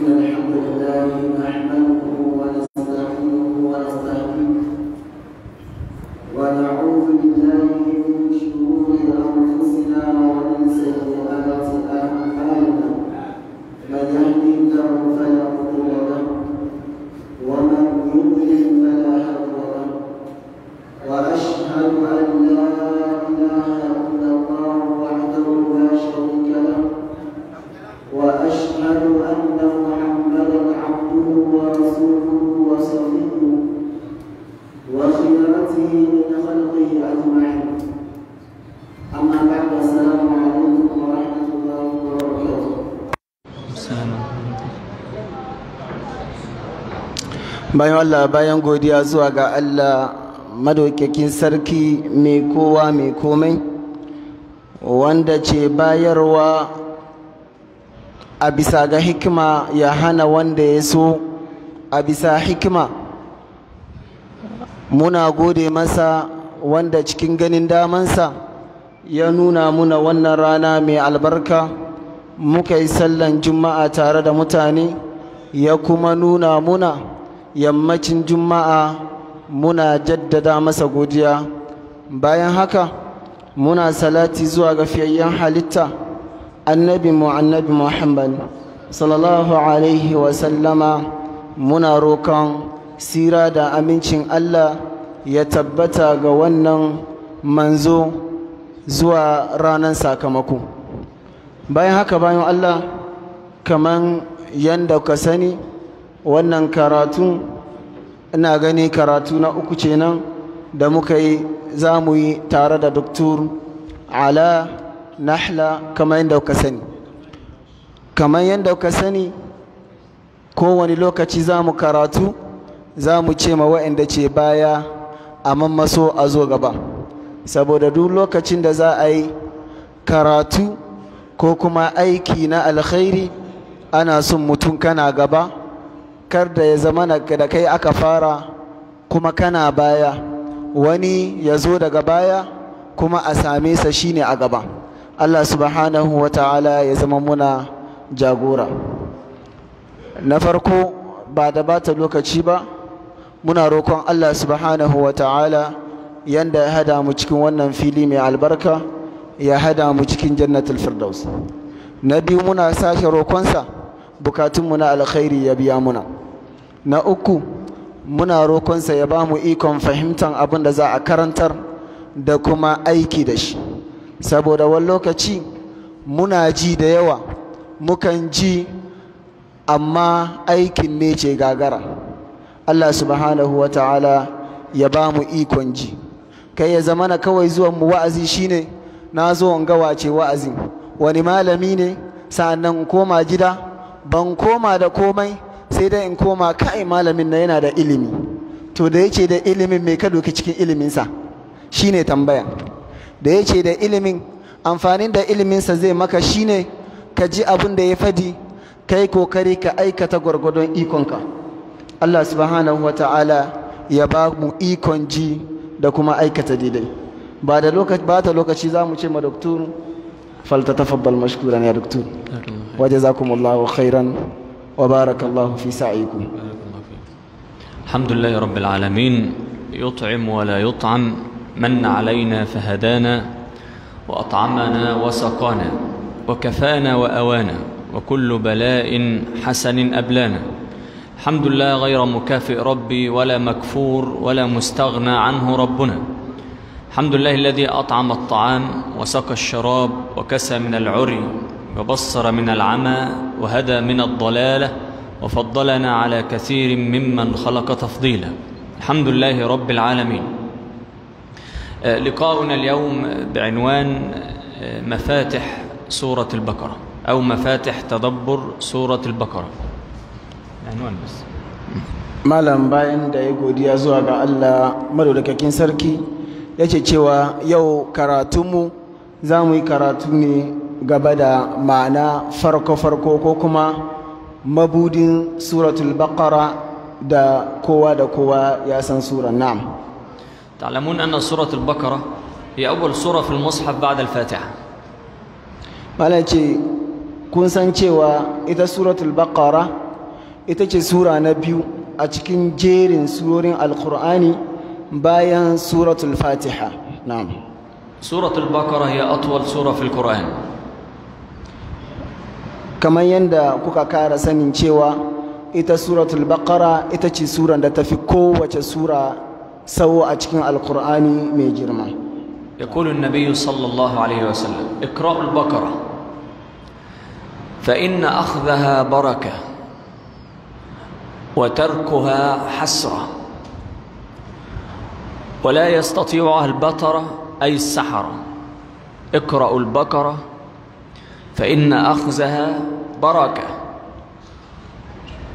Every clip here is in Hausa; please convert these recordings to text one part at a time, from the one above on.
إن الحمد لله نحمده ونستعينه bayan Allah bayan godiya zuwa ga Allah madaukakin sarki mai kowa mai komai wanda ce bayarwa a bisa ga hikima ya hana wanda ya so a bisa hikima muna gode masa wanda cikin ganin damansa ya nuna muna wannan rana mai albarka muka yi sallan juma'a tare da mutane ya kuma nuna muna yammacin juma'a muna jaddada masa godiya bayan haka muna salati zuwa ga fiyayyen halitta annabi mu annabi muhammad sallallahu alaihi wasallama muna roƙon sira da amincin allah ya tabbata ga wannan manzo zuwa ranar sakamako bayan haka bayan allah kaman yadda ka sani wannan karatu ina gani karatu na uku kenan da muka yi za mu yi tare da doktor ala nahla kamar yadda ka sani kamar yadda ka sani kowane lokaci za mu karatu za mu ce ma wa'anda ce baya a mammaso a zo gaba saboda duk lokacin da za a yi karatu ko kuma aiki na alkhairi ana son mutum kana gaba kar da ya zama da kai aka fara kuma kana baya wani ya zo daga baya kuma a same sa shine a gaba Allah subhanahu wa ta'ala ya zama muna jagora na farko ba da bata lokaci ba muna rokon Allah subhanahu wa ta'ala yanda ya hada mu cikin wannan fili mai albarka ya hada mu cikin jannatul firdaus na biyu muna sake roƙonsa bukatunmu na alkhairi ya biya muna na uku muna rokonsa ya ba mu ikon fahimtar abin da za a karantar da kuma aiki da shi saboda wani lokaci muna ji da yawa mukan ji amma aikin ne ce gagara allah subhanahu wa ta'ala ya ba mu ikon ji kai ya zama na kawai zuwan mu wa'azi shine na zo in ga wace wani malami ne sa'annan koma gida ban koma da komai sai dai in koma kai malamin na yana da ilimi to da yake da ilimin me ka cikin iliminsa shine tambaya da yake da ilimin amfanin da iliminsa zai maka shine ka ji abin da ya fadi kai kokari ka aikata gwargwadon ikonka Allah subhanahu wa ta'ala ya ba mu ikon ji da kuma aikata daidai ba da lokaci ba ta lokaci za mu ce ma doktor faltatafabbal mashkuran ya doktor wa jazakumullahu khairan وبارك الله في سعيكم الحمد لله رب العالمين يطعم ولا يطعم من علينا فهدانا وأطعمنا وسقانا وكفانا وأوانا وكل بلاء حسن أبلانا الحمد لله غير مكافئ ربي ولا مكفور ولا مستغنى عنه ربنا الحمد لله الذي أطعم الطعام وسقى الشراب وكسى من العري وبصر من العمى وهدى من الضلالة وفضلنا على كثير ممن خلق تفضيلا الحمد لله رب العالمين آه، لقاؤنا اليوم بعنوان آه، مفاتح سورة البقرة أو مفاتح تدبر سورة البقرة عنوان بس ما لم da ya godiya zuwa ga Allah madaukakin sarki yake cewa يو كراتمو زامي mu gaba da ma'ana farko-farko ko kuma mabudin suratul baqara da kowa da kowa ya san surar na'am ta'lamun anna suratul baqara hi awwal sura fil mushaf ba'da al-fatiha malaci kun san cewa ita suratul baqara ita ce sura na biyu a cikin jerin surorin alqur'ani bayan suratul fatiha na'am suratul baqara hiya atwal sura fil qur'an kamar yadda kuka kara sanin cewa ita suratul baqara ita ce suran da tafi kowace sura sau a cikin alkur'ani mai girma يقول النبي صلى الله عليه وسلم اقرأوا البقرة فإن أخذها بركة وتركها حسرة ولا يستطيعها البترة أي السحرة اقرأوا البقرة فإن أخذها بركة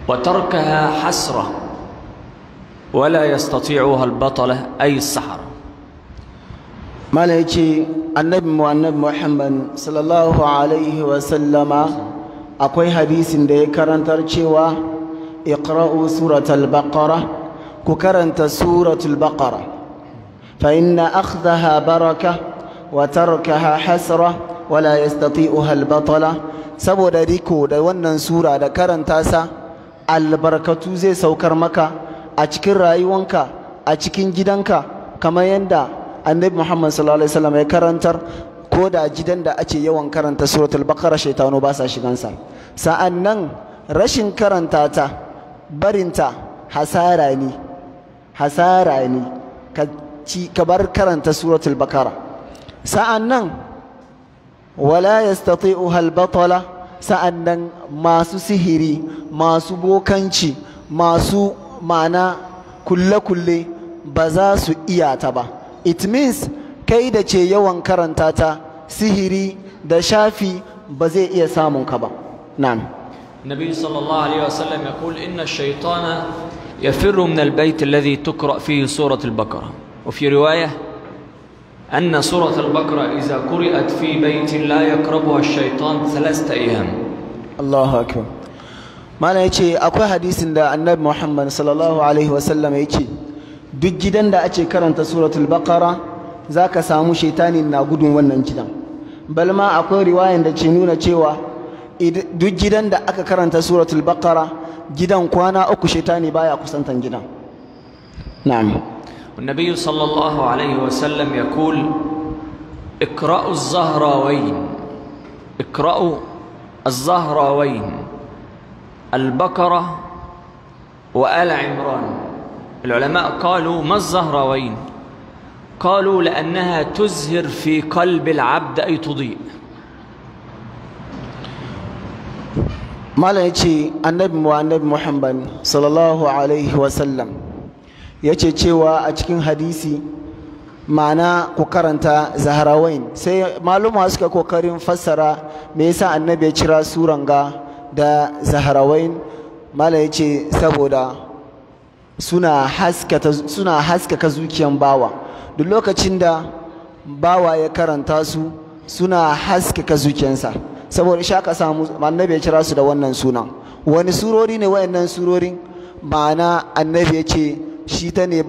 وتركها حسرة ولا يستطيعها البطلة أي السحر ما لكي النبي والنبي محمد صلى الله عليه وسلم أقوي حديث دي كران ترشيوا اقرأوا سورة البقرة كران سورة البقرة فإن أخذها بركة وتركها حسرة wala yastati'uha al-batala saboda riko da wannan sura da karanta sa albarkatu zai saukar maka a cikin rayuwanka a cikin gidanka kamar yadda annabi Muhammad sallallahu alaihi ya karantar ko da gidan da ake yawan karanta suratul baqara shaytanu basa sa shigansa sa'annan rashin karanta ta barinta hasara ne hasara ne ka bar karanta suratul baqara sa'annan ولا يستطيعها البطلة سأنن ما سهري ما سبو كنشي ما سو معنى كل كل بزا سو إيا تبا it means كيدا چه يوان كرانتاتا سهري دشافي بزي إيا سامون كبا نعم النبي صلى الله عليه وسلم يقول إن الشيطان يفر من البيت الذي تقرأ فيه سورة البقرة وفي رواية أن سورة البقرة إذا قرأت في بيت لا يقربها الشيطان ثلاثة أيام الله أكبر mana ya ce akwai hadisin da annabi muhammad sallallahu alaihi wasallam ya ce duk gidan da ake karanta suratul baqara za samu shaitani na gudun wannan gidan balma akwai riwayan da ke nuna cewa duk gidan da aka karanta suratul baqara gidan kwana uku shaitani baya kusantan gidan na'am والنبي صلى الله عليه وسلم يقول اقرأوا الزهراوين اقرأوا الزهراوين البقرة وآل عمران العلماء قالوا ما الزهراوين قالوا لأنها تزهر في قلب العبد أي تضيء ما يجي النبي محمد صلى الله عليه وسلم Ya ce cewa a cikin hadisi ma'ana ku karanta zaharawain sai maluma suka kokarin fassara me yasa annabi ya cira suran ga da zaharawain mala ce saboda suna haskaka suna bawa duk lokacin da bawa ya karanta su suna haskaka zuciyansa saboda shaka samu annabi ya cira su da wannan sunan wani surori ne wayannan surorin ma'ana annabi ya ce shi ta ne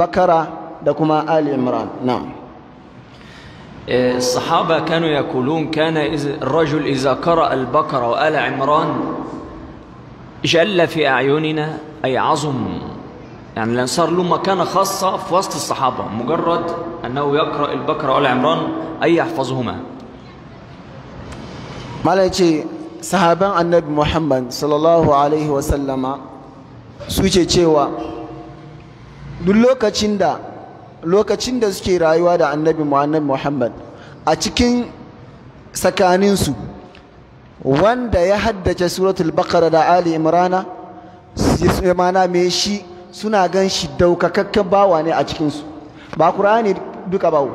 آل عمران نعم الصحابة كانوا يقولون كان الرجل إذا قرأ البقرة وآل عمران جل في أعيننا أي عظم يعني لأن صار له مكانة خاصة في وسط الصحابة مجرد أنه يقرأ البقرة وآل عمران أي يحفظهما مالتي صحابة النبي محمد صلى الله عليه وسلم سوچه cewa duk lokacin da lokacin da suke rayuwa da annabi muhammad a cikin tsakaninsu wanda ya haddace suratul baqara da ali imrana mana me shi suna gan shi daukakakken bawa ne a cikinsu ba qur'ani duka bawo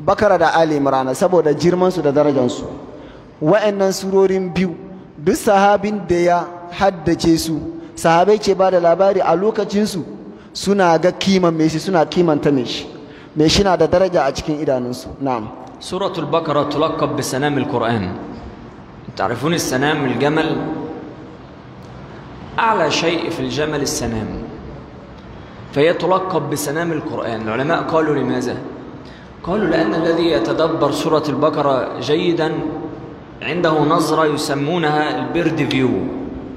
bakara da ali imrana saboda girmansu da darajansu wa'annan surorin biyu duk sahabin da ya haddace su sahabai ke ba da labari a lokacinsu suna ga kiman me shi suna kimanta me shi me shi na da daraja a cikin idanunsu na'am suratul baqara tulaqab bi sanam alquran تعرفون السنام الجمل أعلى شيء في الجمل السنام فهي تلقب بسنام القرآن العلماء قالوا لماذا؟ قالوا لأن الذي يتدبر سورة البقرة جيدا عنده نظرة يسمونها البرد فيو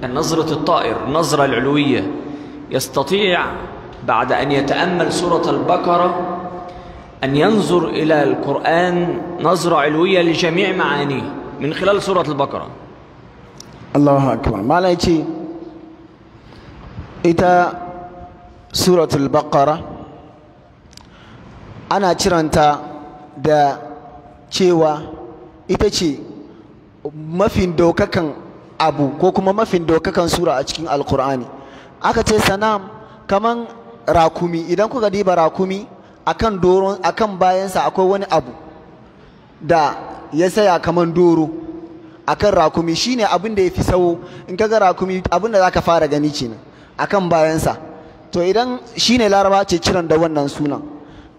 نظره الطائر نظره العلوية يستطيع بعد أن يتأمل سورة البقرة أن ينظر إلى القرآن نظرة علوية لجميع معانيه من خلال سورة البقرة الله أكبر ما لأيتي إذا سورة البقرة أنا أترنت da cewa ita ما mafin dokakan كان أبو كوكو ما dokakan sura كان سورة alkur'ani القرآن ce سنام كمان rakumi idan kuka diba rakumi akan doron akan bayansa akwai wani abu da ya saya kaman doro akan rakumi shine abin da fi sawo in kaga rakumi abin da zaka fara gani kenan akan bayansa to idan shine laraba ce kiran da wannan sunan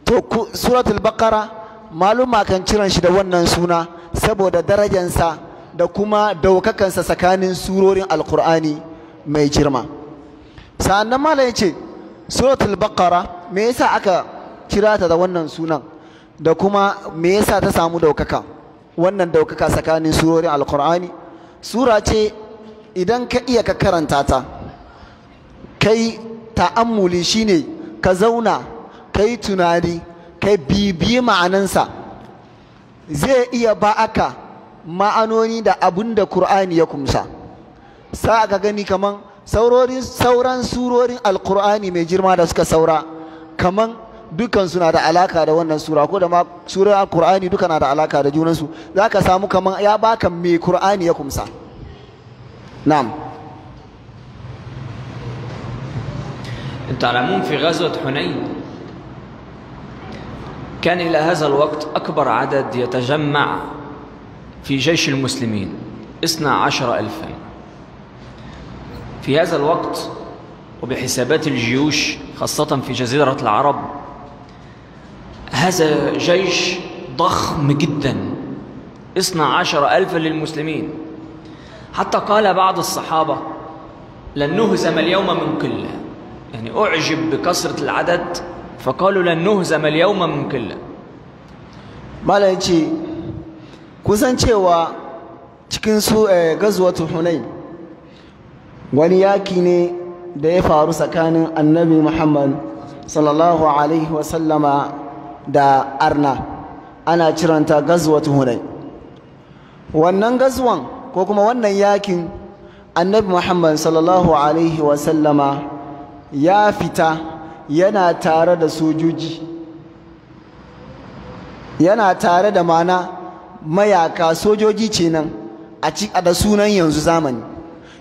to suratul baqara maluma kan kiran shi da wannan suna saboda darajansa da kuma daukakansa tsakanin surorin alkur'ani mai girma sa'annan malam ya ce suratul Bakara me yasa aka kira ta da wannan sunan da kuma me yasa ta samu daukaka wannan daukaka tsakanin surorin alqur'ani sura ce idan ka iya ka karanta ta kai ta'ammuli shine ka zauna kai tunani kai bibi ma'anansa zai iya ba aka ma'anoni da abin da Kur'ani ya kumsa sa ka gani kaman سوروري سوران سوروري القرآن يمجر ما دسك سورا كمان دكان سنا دا علاقة دا وانا سورا كودا ما سورا القرآن يدكان دا علاقة دا جونا سو ذاك سامو كمان يا با كم مي القرآن يكمسا نعم تعلمون في غزوة حنين كان إلى هذا الوقت أكبر عدد يتجمع في جيش المسلمين 12 ألفين في هذا الوقت وبحسابات الجيوش خاصة في جزيرة العرب هذا جيش ضخم جدا اثنا عشر ألفا للمسلمين حتى قال بعض الصحابة لن نهزم اليوم من قلة يعني أعجب بكثرة العدد فقالوا لن نهزم اليوم من قلة مالا يجي كوزان cewa cikin غزوة حنين wani yaki ne da ya faru tsakanin annabi muhammad sallallahu alaihi wasallama da arna ana ciranta gazuwa tuhunai. wannan gazuwan ko kuma wannan yakin annabi muhammad sallallahu alaihi wasallama ya fita yana tare da sojoji yana tare da mana mayaka sojoji ce nan a da sunan yanzu zamani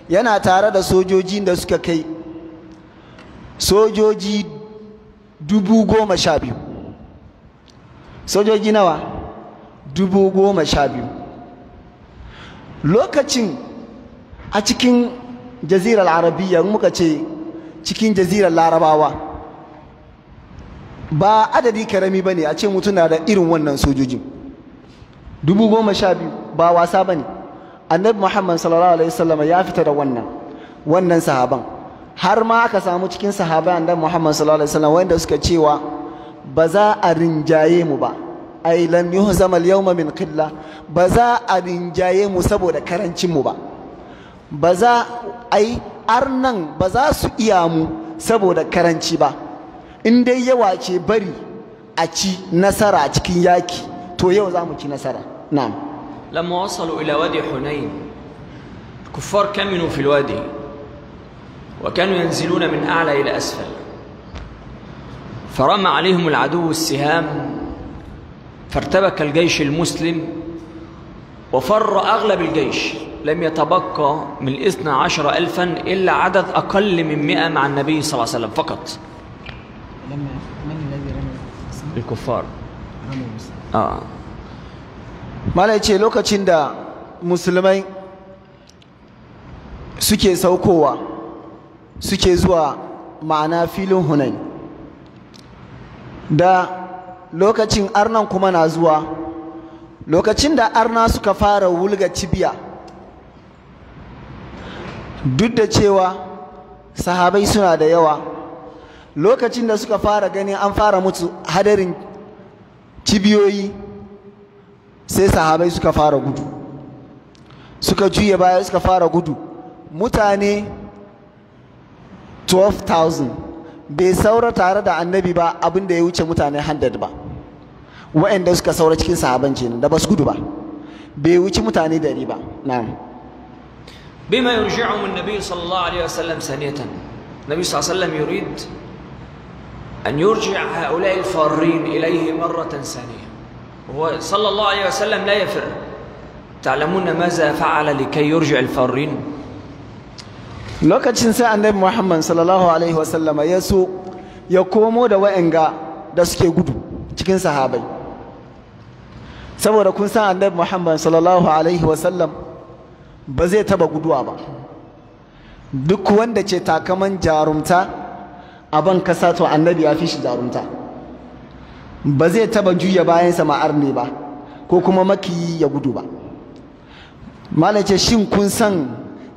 yana tare da sojojin da suka kai sojoji dubu goma sha biyu sojoji nawa dubu goma sha biyu lokacin a cikin jazirar arabiya muka ce cikin jazirar larabawa ba adadi karami ba ne a ce mutuna na da irin wannan sojojin dubu goma sha biyu ba wasa ba ne annabi muhammad sallallahu alaihi wasallam ya fita da wannan wannan sahaban har ma aka samu cikin sahaban annabi muhammad sallallahu alaihi wasallam wanda suka cewa ba za a rinjaye mu ba ai lan yuhzam al-yawma min qilla ba za a rinjaye mu saboda karancin mu ba ba za ai arnan ba za su iya mu saboda karanci ba in dai yawa ce bari a ci nasara cikin yaki to yau za mu ci nasara na'am لما وصلوا إلى وادي حنين الكفار كمنوا في الوادي وكانوا ينزلون من أعلى إلى أسفل فرمى عليهم العدو السهام فارتبك الجيش المسلم وفر أغلب الجيش لم يتبقى من إثنى عشر ألفا إلا عدد أقل من مئة مع النبي صلى الله عليه وسلم فقط لما من الذي رمى الكفار المسلم آه malai ce lokacin da musulmai suke saukowa suke zuwa ma'ana filin hunai, da lokacin arnan kuma na zuwa lokacin da arna suka fara wulga cibiya duk da cewa sahabai suna da yawa lokacin da suka fara ganin an fara mutu hadarin cibiyoyi sai sahabbai suka fara gudu suka juye baya suka fara gudu mutane 12,000 bai saura tare da annabi ba abin da ya wuce mutane 100 ba waɗanda suka saura cikin sahabban kenan da basu gudu ba bai wuce mutane 100 ba na'am بما يرجعهم النبي صلى الله عليه وسلم ثانية النبي صلى الله عليه وسلم يريد أن يرجع هؤلاء الفارين إليه مرة ثانية هو صلى الله عليه وسلم لا يفر تعلمون ماذا فعل لكي يرجع الفارين lokacin sai annabi Muhammad sallallahu alaihi wasallama ya so ya komo da wa'anga da suke gudu cikin sahabai saboda kun san annabi Muhammad sallallahu alaihi wasallam ba zai taba guduwa ba duk wanda ce takaman jarumta a ban kasa to annabi ya fi shi jarumta ba zai taba juya bayansa sama arne ba ko kuma makiyi ya gudu ba malam ce shin kun san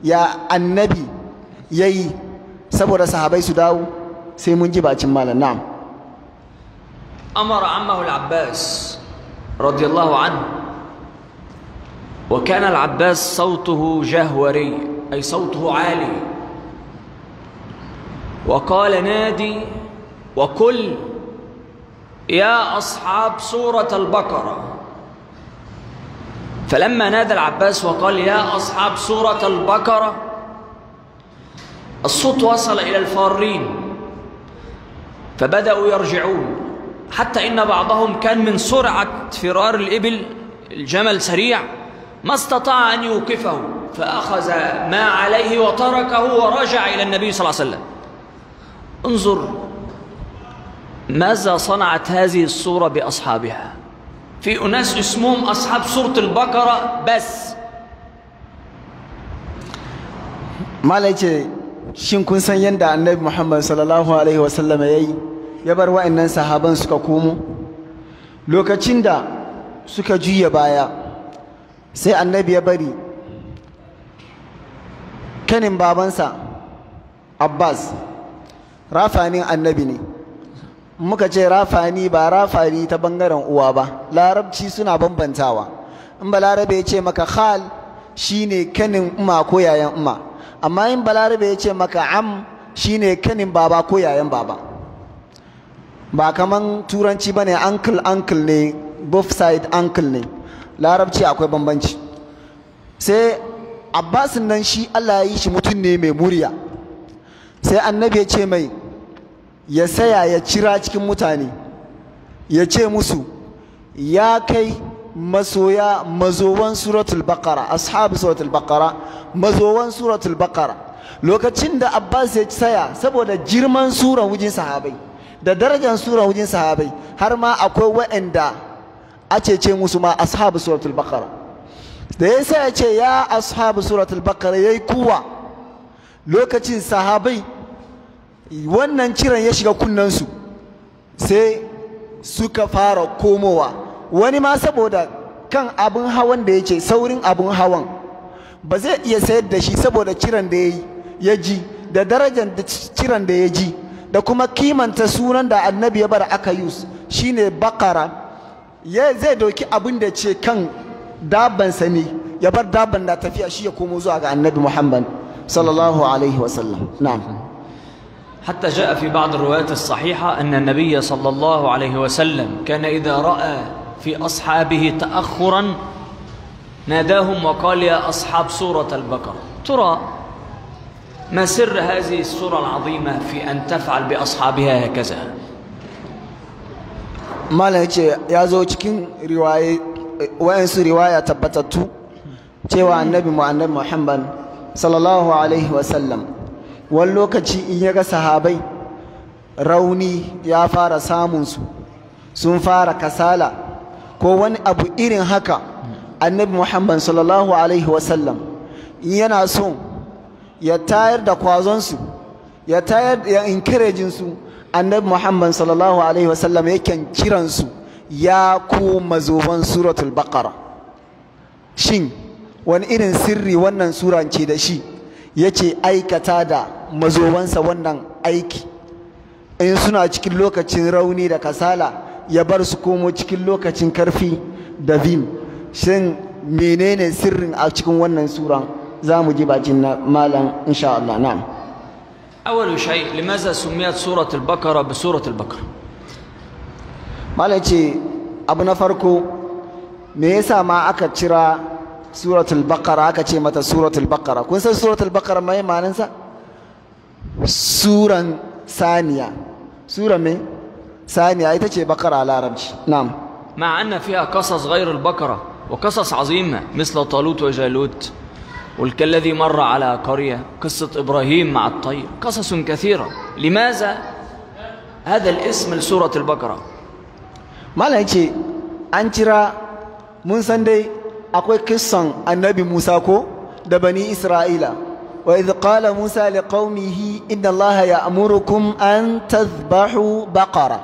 ya annabi ya yi saboda sahabai su dawo sai mun ji bacin malam na'am amara ammahu al-abbas radiyallahu anhu وكان العباس صوته جهوري أي صوته عالي وقال نادي وكل يا أصحاب سورة البقرة فلما نادى العباس وقال يا أصحاب سورة البقرة الصوت وصل إلى الفارين فبدأوا يرجعون حتى إن بعضهم كان من سرعة فرار الإبل الجمل سريع ما استطاع أن يوقفه فأخذ ما عليه وتركه ورجع إلى النبي صلى الله عليه وسلم انظر ماذا صنعت هذه الصورة بأصحابها في أناس اسمهم أصحاب سورة البقرة بس ما لأيكي شين كن سن يندا النبي محمد صلى الله عليه وسلم يي يبر وإن صحابان سكا كومو لو كتشين دا سكا جوية بايا سي النبي يبري كان بابانسا عباس رافعني النبي ني muka ce rafani ba rafani ta bangaren uwa ba larabci suna bambantawa in larabe ya ce maka hal shine kanin umma ko yayan umma amma in balarabe ya ce maka am shine kanin baba ko yayan baba ba kaman turanci bane uncle uncle ne both side uncle ne larabci akwai bambanci sai abbasin nan shi Allah ya yi shi mutum ne mai murya sai annabi ya ce mai ya saya ya cira cikin mutane ya ce musu ya kai masoya mazowan suratul baqara ashabu suratul baqara mazowan suratul baqara lokacin da abbas ya saya saboda girman suran wujin sahabai da darajar suran wujin sahabai har ma akwai waɗanda a ce musu ma ashabu suratul baqara da ya saya ce ya ashabu suratul baqara yayi kuwa lokacin sahabai wannan ciran ya shiga kunnensu sai suka fara komowa wani ma saboda kan abin hawan da ya ce saurin abin hawan ba zai iya sayar da shi saboda ciran da ya ji da darajar da ciran da ya ji da kuma kimanta sunan da annabi ya bar aka shi shine bakara ya zai doki abin da ce kan dabansa ne ya bar daban da tafiya shi ya komo zuwa ga annabi muhammad sallallahu alaihi wasallam na'am حتى جاء في بعض الروايات الصحيحة أن النبي صلى الله عليه وسلم كان إذا رأى في أصحابه تأخرا ناداهم وقال يا أصحاب سورة البقرة ترى ما سر هذه السورة العظيمة في أن تفعل بأصحابها هكذا ما ce يا zo رواية وأنس رواية tabbatattu تيوى النبي محمد صلى الله عليه وسلم wani lokaci in ya ga sahabai rauni ya fara samun su sun fara kasala ko wani abu irin haka annabi muhammad sallallahu alaihi wasallam yana so ya tayar da kwazonsu ya tayar da su, annabi muhammad sallallahu alaihi wasallam kiran kiransu ya ku mazoban suratul baqara shin wani irin sirri wannan suran ce da shi yake aikata da mazobansa wannan aiki in suna cikin lokacin rauni da kasala ya bar su komo cikin lokacin karfi da vim shin menene sirrin a cikin wannan suran za mu ji bakin malam insha Allah na'am awwalu shay limaza sumiyat surat al-baqara bi surat al-baqara malam ce abu na farko me yasa ma aka cira سورة البقرة aka متى سورة البقرة baqara سورة san suratul baqara mai ma'anansa suran saniya sura me saniya ita ce baqara a larabci مع أن فيها قصص غير البقرة وقصص عظيمة مثل طالوت وجالوت والكالذي مر على قرية قصة إبراهيم مع الطير قصص كثيرة لماذا هذا الاسم لسورة البقرة ما لا أنت أنترا من سندي akwai kisan annabi Musa ko da bani Isra'ila wa idh qala Musa liqaumihi inna Allah ya ya'murukum an tadhbahu baqara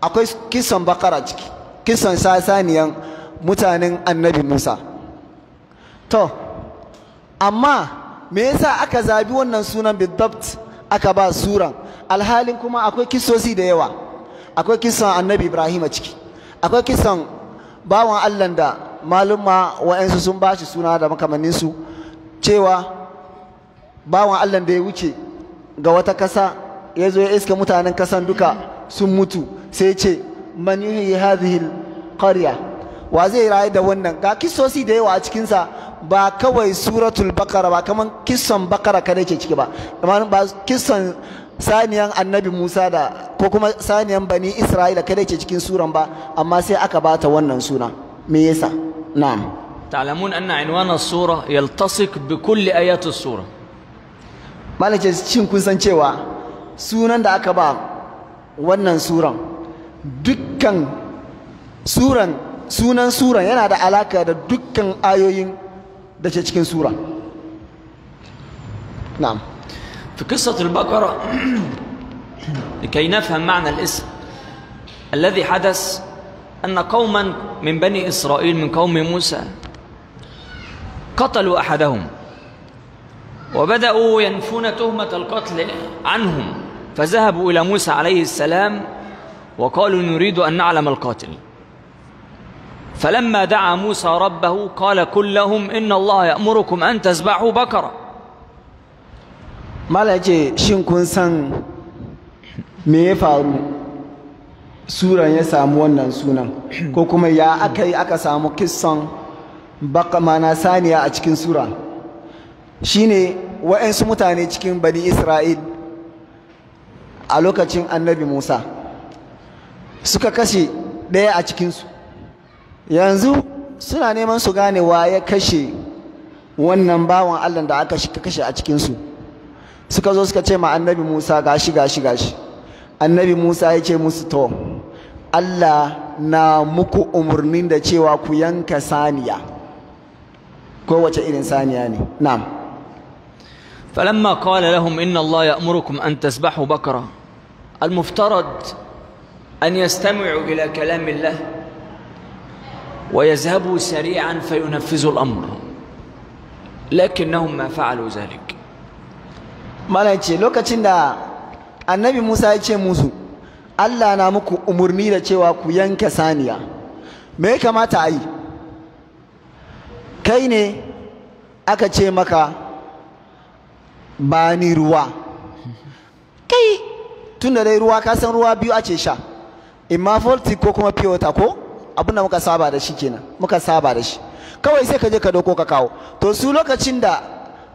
akwai kissan baqara ciki kissan sasaniyan mutanen annabi Musa to amma me yasa aka zabi wannan sunan bidabt aka ba suran alhalin kuma akwai kissosi da yawa akwai kissan annabi Ibrahim a ciki akwai kisan bawan Allah da Malumma wa'ansu sun ba shi suna da makamanninsu cewa bawan allah da ya wuce ga wata kasa ya zo ya iska mutanen kasan duka sun mutu sai ce man yuhyi hadhihi qarya wa zai rayu da wannan ga kisosi da yawa a cikinsa ba kawai suratul bakara ba kaman kisson bakara kada ke ciki ba kamar ba kisson saniyan annabi musa da ko kuma saniyan bani isra'ila kada ke cikin suran ba amma sai aka bata wannan suna me yasa نعم تعلمون أن عنوان الصورة يلتصق بكل آيات الصورة مالك شين كن سان تشوا sunan دا aka ba wannan suran dukkan suran sunan suran yana da alaka da dukkan ayoyin da ke cikin sura qissat al-baqara البقرة nafham ma'na al-ism alladhi hadas أن قوما من بني إسرائيل من قوم موسى قتلوا أحدهم وبدأوا ينفون تهمة القتل عنهم فذهبوا إلى موسى عليه السلام وقالوا نريد أن نعلم القاتل فلما دعا موسى ربه قال قل لهم إن الله يأمركم أن تذبحوا بقرة ما لا يجي شنكون سن ميفا suran ya samu wannan sunan ko kuma ya aka yi aka samu kisan baka mana saniya a cikin sura shine wa'ansu mutane cikin bani isra'il a lokacin annabi musa suka kashe ɗaya a cikinsu yanzu suna neman su gane wa ya kashe wannan bawan allah da aka kashe a cikinsu suka zo suka ce ma annabi musa gashi gashi gashi annabi musa ya ce musu to Allah na muku umarnin da cewa ku yanka saniya kowace irin saniya ne na'am فلما قال لهم إن الله يأمركم أن تسبحوا بكره المفترض أن يستمعوا إلى كلام الله ويذهبوا سريعا فينفذوا الأمر لكنهم ما فعلوا ذلك ما لا يجي لو النبي موسى يجي موسو Allah na muku umurni da cewa ku yanke saniya me ya kamata a yi kai ne aka ce maka ba ni ruwa kai tun da dai ruwa ka san ruwa biyu ake sha imma voltic ko kuma pure water ko abin da muka saba da shi kenan muka saba da shi kawai sai ka je ka doko ka kawo to su lokacin da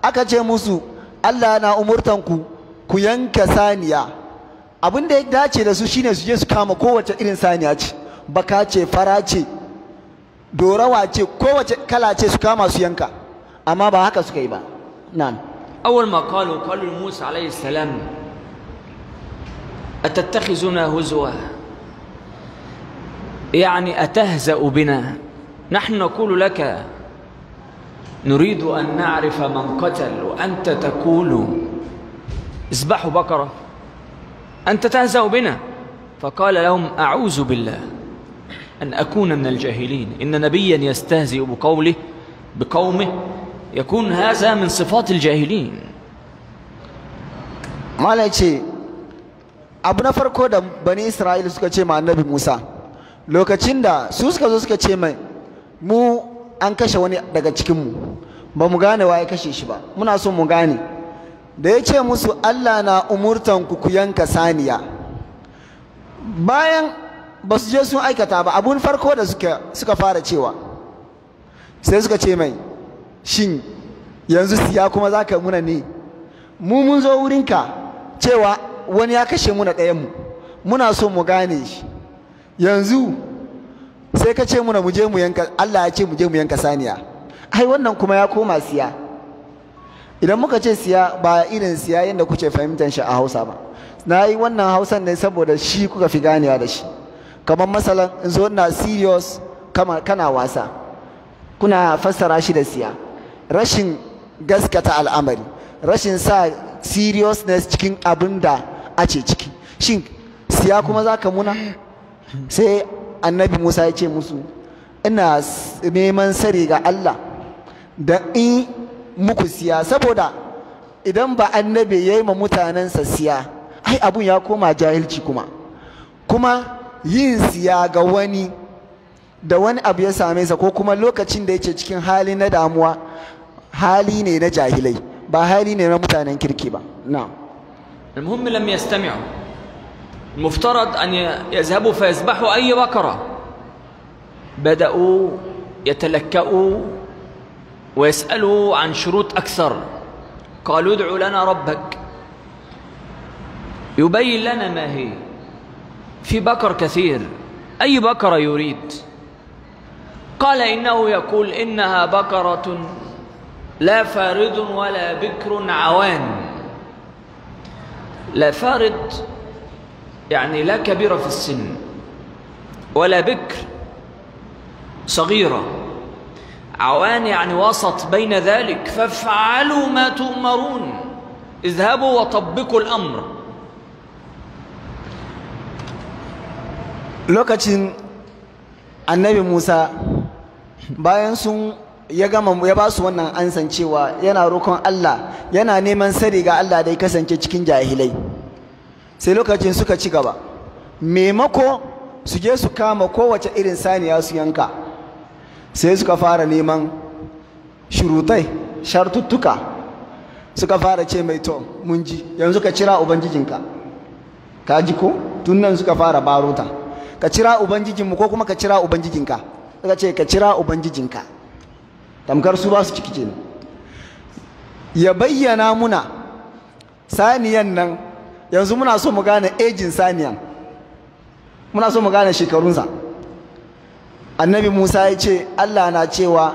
aka ce musu Allah na umurtanku ku yanke saniya abin da ya dace da su shine su je su kama kowace irin saniya ce baka ce fara ce dorawa ce kowace kala ce su kama su yanka amma ba haka suka yi ba na'am awwal ma qalu qalu Musa alayhi salam atattakhizuna huzwa يعني أتهزأ بنا نحن نقول لك نريد أن نعرف من قتل وأنت تقول اذبحوا بقرة أنت تهزأ بنا فقال لهم أعوذ بالله أن أكون من الجاهلين إن نبيا يستهزئ بقوله بقومه يكون هذا من صفات الجاهلين ما لأيكي أبنا فرقو دا بني إسرائيل سكتش مع النبي موسى لو كتشندا سوسكا سكتش مع مو أنكشواني دا كتشكمو بمغاني وايكشيش با مناسو مغاني da ya ce musu Allah na umurtan ku ku yanka saniya bayan ba su je sun aikata ba abun farko da suka, fara cewa sai suka ce mai shin yanzu siya kuma za ka muna ne mu mun zo wurinka cewa wani ya kashe muna mu muna so mu gane shi yanzu sai ka ce muna mu je mu yanka Allah ya ce mu mu yanka saniya ai wannan kuma ya koma siya idan muka ce siya ba irin siya yadda kuke fahimtar shi a hausa ba na yi wannan hausan ne saboda shi kuka fi ganewa da shi kamar masalan in zo na serious kana wasa kuna fassara shi da siya rashin gaskata al'amari rashin sa seriousness cikin abin da a ce ciki shin siya kuma za ka muna sai annabi musa ya ce musu ina neman sari ga allah da in muku siya saboda idan ba annabi yayi ma mutanen sa siya ai abun ya koma jahilci kuma kuma yin siya ga wani da wani abu ya same sa ko kuma lokacin da yake cikin hali na damuwa hali ne na jahilai ba hali ne na mutanen kirki ba na'am المهم لم يستمعوا المفترض أن يذهبوا فيذبحوا أي بقرة بدأوا يتلكؤوا ويسألوا عن شروط أكثر قالوا ادعوا لنا ربك يبين لنا ما هي في بقر كثير أي بقرة يريد قال إنه يقول إنها بقرة لا فارض ولا بكر عوان لا فارض يعني لا كبيرة في السن ولا بكر صغيرة عوان يعني وسط بين ذلك فافعلوا ما تؤمرون اذهبوا وطبقوا الأمر lokacin annabi musa bayan sun ya gama ya ba su wannan ansan cewa yana roƙon allah yana neman sari ga allah da ya kasance cikin jahilai sai lokacin suka ci gaba maimako su je su kama kowace irin saniya su yanka sai suka fara neman shurutai shartuttuka suka fara ce mai to mun ji yanzu ka cira ubangijinka ka ji ko tun nan suka fara baruta ka cira ubangijinmu ko kuma ka cira ubangijinka suka ce ka cira ubangijinka tamkar su ba su ciki kenan ya bayyana muna saniyan nan yanzu muna so mu gane ejin saniyan muna so mu gane shekarunsa annabi musa ya ce allah na cewa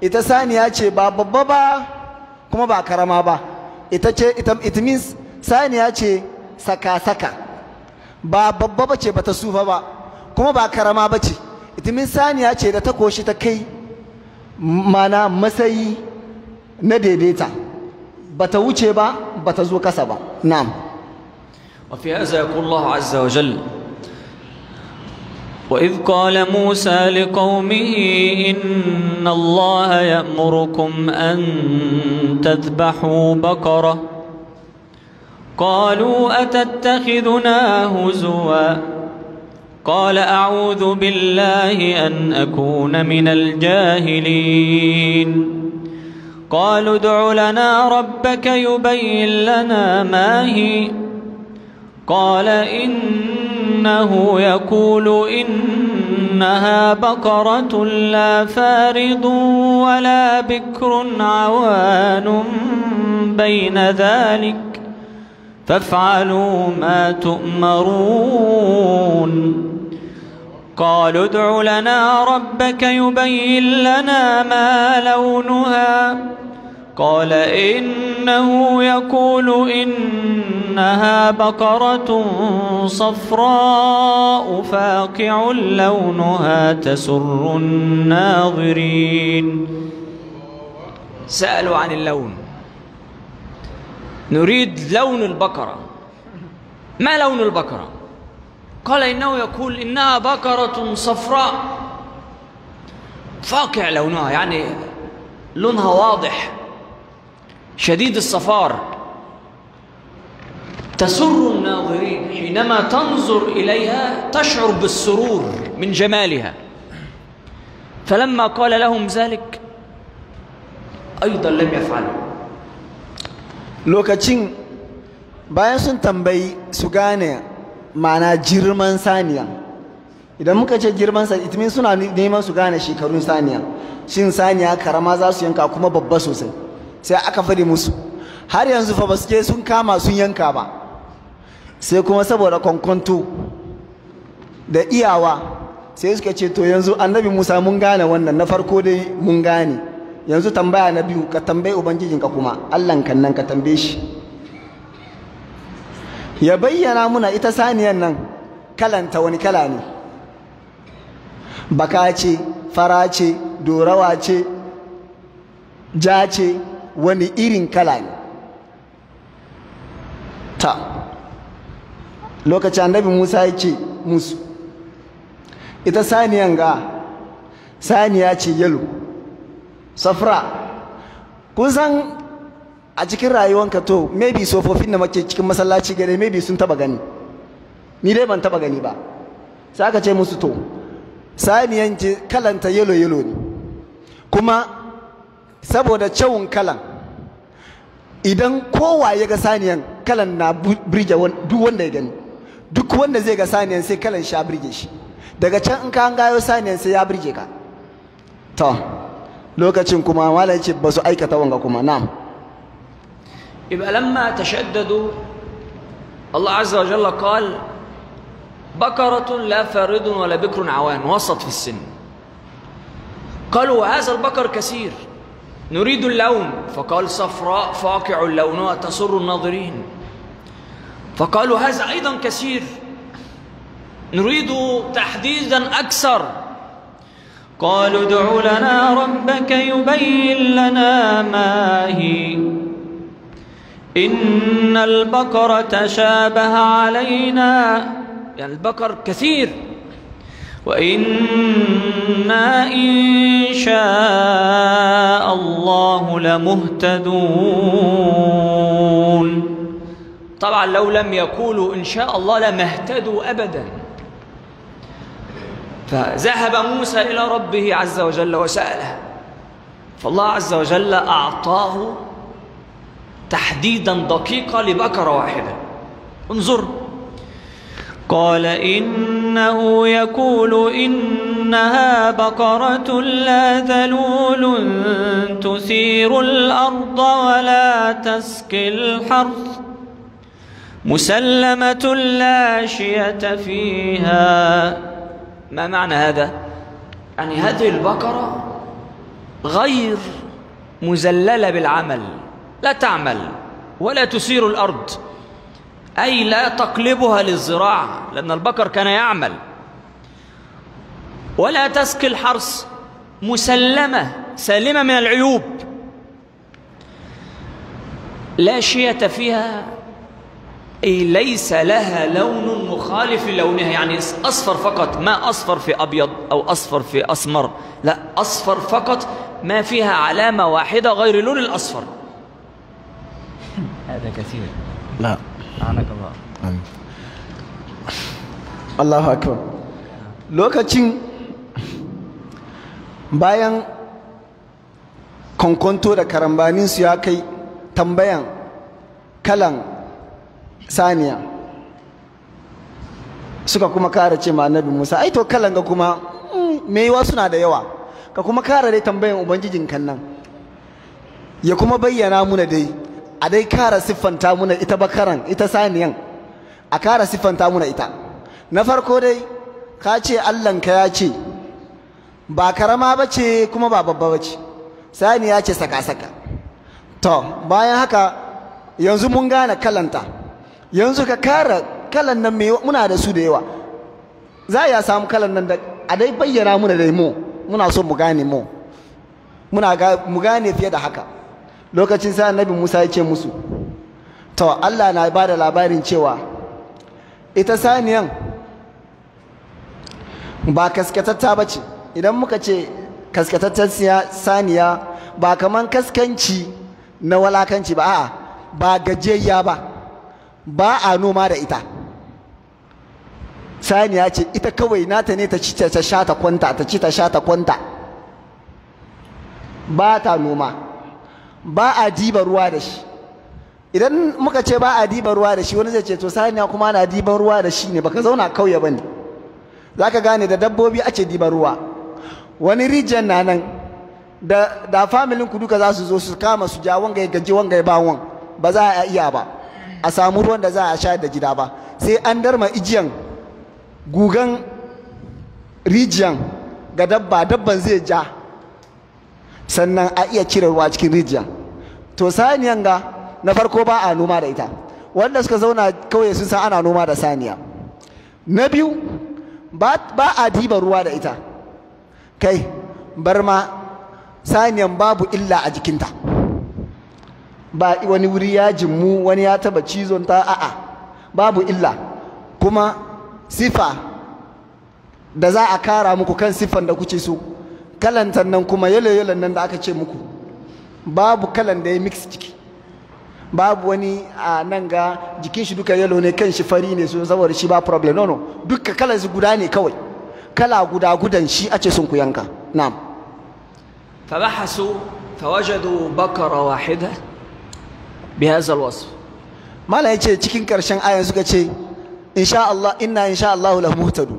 ita saniya ce ba babba ba kuma ba karama ba ita ce it means saniya ce saka-saka ba babba ba ce ba ta sufa ba kuma ba karama ba ce it means saniya ce da ta koshi ta kai mana masayi na daidaita ba ta wuce ba ba ta zo kasa ba na'am وفي هذا يقول azza wa jalla وإذ قال موسى لقومه إن الله يأمركم أن تذبحوا بقرة قالوا أتتخذنا هزوا قال أعوذ بالله أن أكون من الجاهلين قالوا ادع لنا ربك يبين لنا ما هي قال إن إنه يقول إنها بقرة لا فارض ولا بكر عوان بين ذلك فافعلوا ما تؤمرون قالوا ادع لنا ربك يبين لنا ما لونها قال إنه يقول إنها بقرة صفراء فاقع لونها تسر الناظرين سألوا عن اللون نريد لون البقرة ما لون البقرة قال إنه يقول إنها بقرة صفراء فاقع لونها يعني لونها واضح شديد الصفار تسر الناظرين حينما تنظر إليها تشعر بالسرور من جمالها فلما قال لهم ذلك أيضا لم يفعلوا لو كتشين بايسون تنبي سوغاني معنى جرمان ثانيا idan muka ce girman sa itmin suna neman su gane shekarun saniya shin saniya karama za su sai aka fadi musu har yanzu fa basu je sun kama sun yanka ba sai kuma saboda kwankwanto da iyawa sai suka ce to yanzu annabi musa mun gane wannan na farko dai mun gane yanzu tambaya na biyu ka tambayi ubangijinka kuma allan kan nan ka tambaye shi ya bayyana muna ita saniyan nan kalanta wani kala ne baka ce fara ce dorawa ce ja ce wani irin kala ne ta lokacin annabi musa ya ce musu ita saniyan ga saniya ce yalo safra kusan a cikin rayuwanka to maybe sofofin da muke cikin masallaci gare maybe sun taba gani ni dai ban taba gani ba sai aka ce musu to saniyan ce kalanta yalo yalo ne kuma saboda cewun kalan idan kowa ya ga saniyan kalan na birge duk wanda ya gani duk wanda zai ga saniyan sai kalan sha birge shi daga can in ka an gayo saniyan sai ya birge ka to lokacin kuma malam ce ba su aikata wanga kuma na'am يبقى لما تشددوا الله عز وجل قال بكرة لا فارد ولا بكر عوان وسط في السن قالوا هذا البكر كثير نريد اللون فقال صفراء فاقع لونها تسر الناظرين فقالوا هذا أيضا كثير نريد تحديدا أكثر قالوا ادع لنا ربك يبين لنا ما هي إن البقرة تشابه علينا يعني البقر كثير وإنا إن شاء الله لمهتدون طبعا لو لم يقولوا إن شاء الله لما اهتدوا أبدا فذهب موسى إلى ربه عز وجل وسأله فالله عز وجل أعطاه تحديدا دقيقة لبكرة واحدة انظر قال إنه يقول إنها بقرة لا ذلول تثير الأرض ولا تسقي الحرث مسلمة لا شية فيها ما معنى هذا؟ يعني هذه البقرة غير مزللة بالعمل لا تعمل ولا تثير الأرض أي لا تقلبها للزراعة لأن البقر كان يعمل ولا تسقي الحرث مسلمة سالمة من العيوب لا شية فيها أي ليس لها لون مخالف لونها يعني أصفر فقط ما أصفر في أبيض أو أصفر في أسمر لا أصفر فقط ما فيها علامة واحدة غير لون الأصفر هذا كثير لا Allahu akbar lokacin bayan kwankwanto da karambaninsu ya kai tambayan kalan saniya suka kuma kara ce ma annabi musa ai to kalan ga kuma maiwa mm, suna da yawa ka kuma kara dai tambayan ubangijin kan nan ya kuma bayyana muna dai a dai kara siffanta muna ita bakaran ita saniyan a kara siffanta muna ita na farko dai ka ce allanka ya ce ba karama ba ce kuma ba babba ba ce saniya ce saka-saka to bayan haka yanzu mun gane kalanta yanzu ka kara kalan nan mai muna da su da yawa za a samu kalan nan da a dai bayyana muna da mu muna so mu gane mu muna mu gane fiye da haka lokacin sai annabi Musa ya ce musu to Allah na ba da labarin cewa ita saniyan ba kaskatatta ba ce idan muka ce kaskatattar saniya ba kaman kaskanci na walakanci ba a'a ba gajiyayya ba ba a noma da ita saniya ce ita kawai nata ne ta ci ta sha ta sha ta kwanta ba ta noma ba a diba ruwa da shi idan muka ce ba a diba ruwa da shi wani zai ce to saniya kuma ana diban ruwa da shi ne baka zauna kauye bane zaka gane da dabbobi ake diba ruwa wani rijiyar na nan da familin ku duka za su zo su kama su ja wanga ya gaji wanga ya ba wan ba za a iya ba a samu ruwan da za a sha da gida ba sai an darma ijiyan gugan rijiyan ga dabba dabban zai ja sannan a iya cire ruwa cikin rijiya to saniyan ga na farko ba a noma da ita wanda suka zauna kauye sun san ana noma da saniya na biyu ba a diba ruwa da ita kai bar ma saniyan babu illa a jikinta ba wani wuri ya jimmu wani ya taba cizon ta a'a babu illa kuma sifa da za a kara muku kan siffan da kuke so kalantan nan kuma yalo yalon nan da aka ce muku babu kalan da ya mix ciki babu wani a nan ga jikin shi duka yalo ne kan shi fari ne so saboda shi ba problem no no duka kalan su guda ne kawai kala guda gudan shi a ce sun ku yanka na'am فبحثوا فوجدوا bakara wahida bi الوصف alwasf mala yace cikin karshen ayan suka ce insha Allah inna insha Allah la muhtadu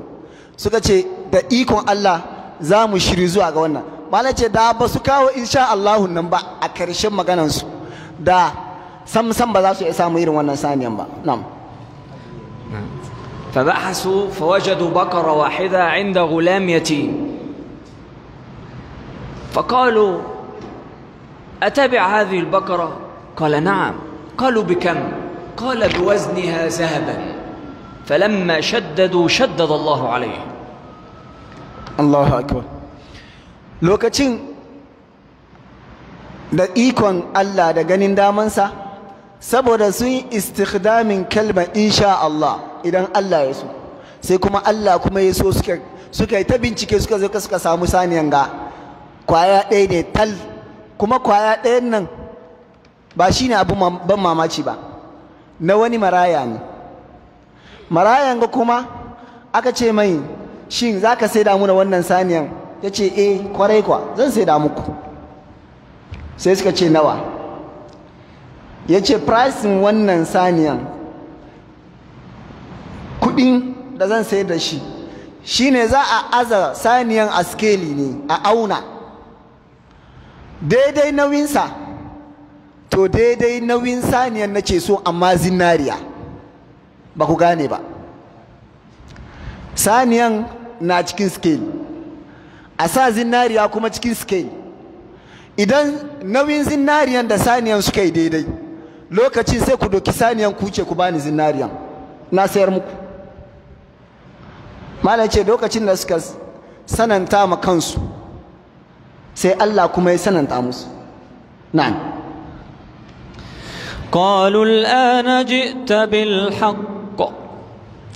suka ce da ikon Allah zamu mu shiri zuwa ga wannan malai ce da ba su kawo insha Allah nan ba a karshen su da sam sam ba za su iya samu irin wannan saniyan ba na'am فبحثوا فوجدوا بقرة واحدة عند غلام يتيم فقالوا أتبع هذه البقرة قال نعم قالوا بكم قال بوزنها ذهبا فلما شددوا شدد الله عليهم Allahu akbar lokacin da ikon Allah da ganin damansa saboda sun yi istikdamin kalma insha Allah idan Allah ya so sai kuma Allah kuma ya so suka yi ta bincike suka zo suka samu saniyan ga kwaya ɗaya ne tal kuma kwaya ɗayan nan ba shi ne abu ban mamaci ba na wani maraya ne marayan ga kuma aka ce mai shin za ka sai da wannan saniyan ya ce e, kwarai kwa zan sai muku sai suka ce nawa ya ce pricing wannan saniyan kudin da zan sai da shi shine za a aza saniyan a skeli ne a auna daidai nauyinsa to daidai nauyin saniyan na ce so amma zinariya ba ku gane ba saniyan na cikin scale a sa zinariya kuma cikin scale idan nauyin zinariyan da saniyan suka yi daidai lokacin sai ku doki saniyan ku ku bani zinariyan na sayar muku malam ce lokacin da suka sananta ma kansu sai Allah kuma ya sananta musu na'am قالوا الآن جئت بالحق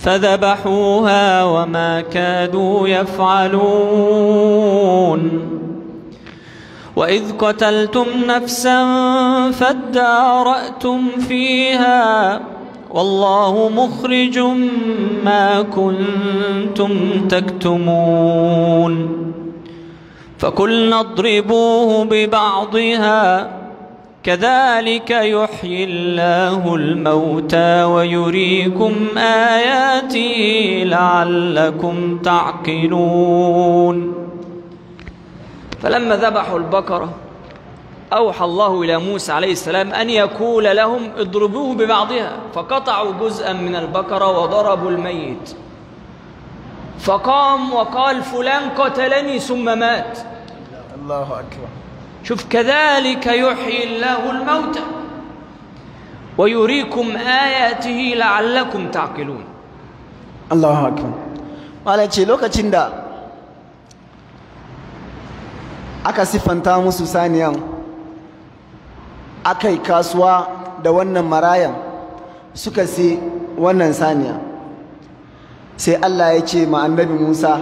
فذبحوها وما كادوا يفعلون وإذ قتلتم نفسا فادارأتم فيها والله مخرج ما كنتم تكتمون فكلنا اضربوه ببعضها كذلك يحيي الله الموتى ويريكم آياته لعلكم تعقلون فلما ذبحوا البقرة أوحى الله إلى موسى عليه السلام أن يقول لهم اضربوه ببعضها فقطعوا جزءا من البقرة وضربوا الميت فقام وقال فلان قتلني ثم مات الله أكبر شوف كذلك يحيي الله الموتى ويريكم آياته لعلكم تعقلون الله أكبر وعلى لوكا تشندا aka siffanta musu saniyan aka yi kasuwa da wannan marayan suka sai wannan saniya sai Allah ya ce ma annabi Musa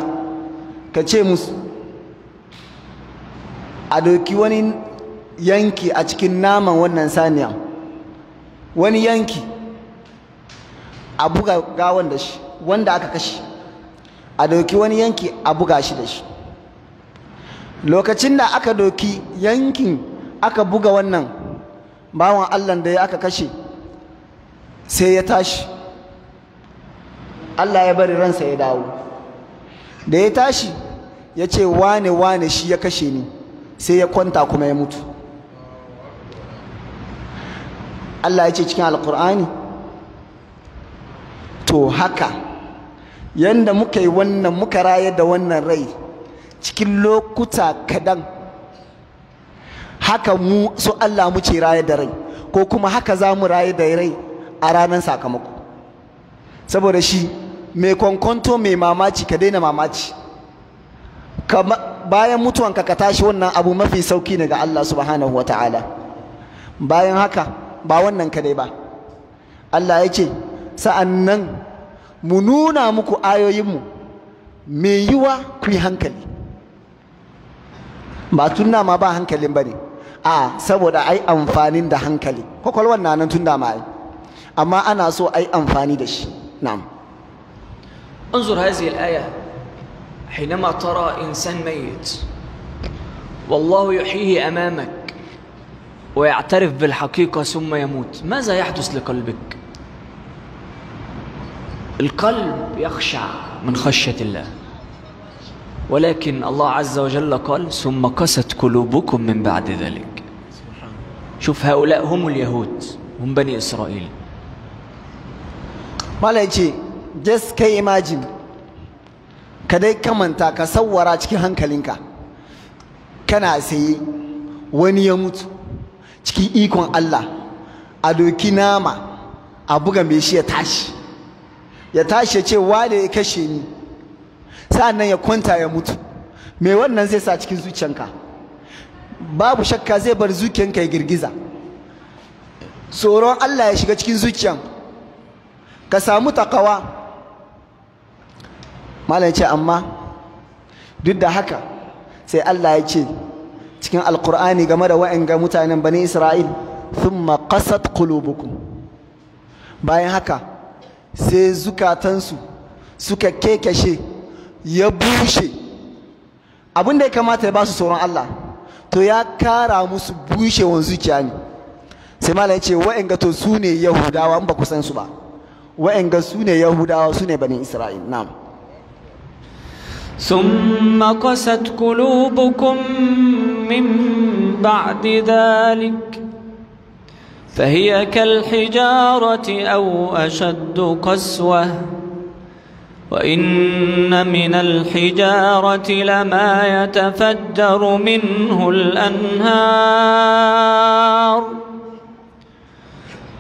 ka ce musu a doki wani yanki a cikin naman wannan saniya wani yanki a buga gawan da shi wanda aka kashe a doki wani yanki a buga shi da shi lokacin da aka doki yankin aka buga wannan bawan allah da ya aka kashe sai ya tashi allah ya bari ransa ya dawo da ya tashi ya ce wane wane shi ya kashe ni sai ya kwanta kuma ya mutu Allah ya ce cikin alkur'ani to haka yadda muka yi wannan muka raya da wannan rai cikin lokuta kadan haka mu so Allah ce raya da rai ko kuma haka za mu rayar da rai a ranar sakamako saboda shi mai kwankwanto mai mamaci ka daina mamaci bayan mutuwanka ka tashi wannan abu mafi sauki ne ga Allah subhanahu Ta'ala? bayan haka ba wannan ka dai ba Allah ya ce sa'an nan mu nuna muku ayoyinmu mai yiwa ku yi hankali ba tunna ma ba hankalin ba ne a saboda ai amfanin da hankali kwakwalwa na nan tunna ma amma ana so ai amfani da shi na'am انظر هذه الآية حينما ترى إنسان ميت والله يحييه أمامك ويعترف بالحقيقة ثم يموت ماذا يحدث لقلبك؟ القلب يخشع من خشية الله ولكن الله عز وجل قال ثم قست قلوبكم من بعد ذلك شوف هؤلاء هم اليهود هم بني إسرائيل يجي just can imagine ka dai ka manta ka sawwara cikin hankalinka kana sayi wani ya mutu cikin ikon Allah a doki nama a buga mai shi ya tashi ya tashi ya ce wane ya kashe ni sa'an nan ya kwanta ya mutu me wannan zai sa cikin zuciyanka babu shakka zai bar zuciyanka ya girgiza tsoron Allah ya shiga cikin zuciyan ka samu takawa malam ya ce amma duk da haka sai Allah ya ce cikin alkur'ani game da wa'anga mutanen bani isra'il sun qasat qulubukum bayan haka sai zukatansu suka kekeshe ya bushe abin da ya kamata ya ba su tsoron Allah to ya kara musu bushewan zuciya ne sai malam ya ce wa'anga to su ne yahudawa in ba ku su ba wa'anga su ne yahudawa su ne bani isra'il na'am ثم قست قلوبكم من بعد ذلك فهي كالحجارة أو أشد قسوة وإن من الحجارة لما يتفجر منه الأنهار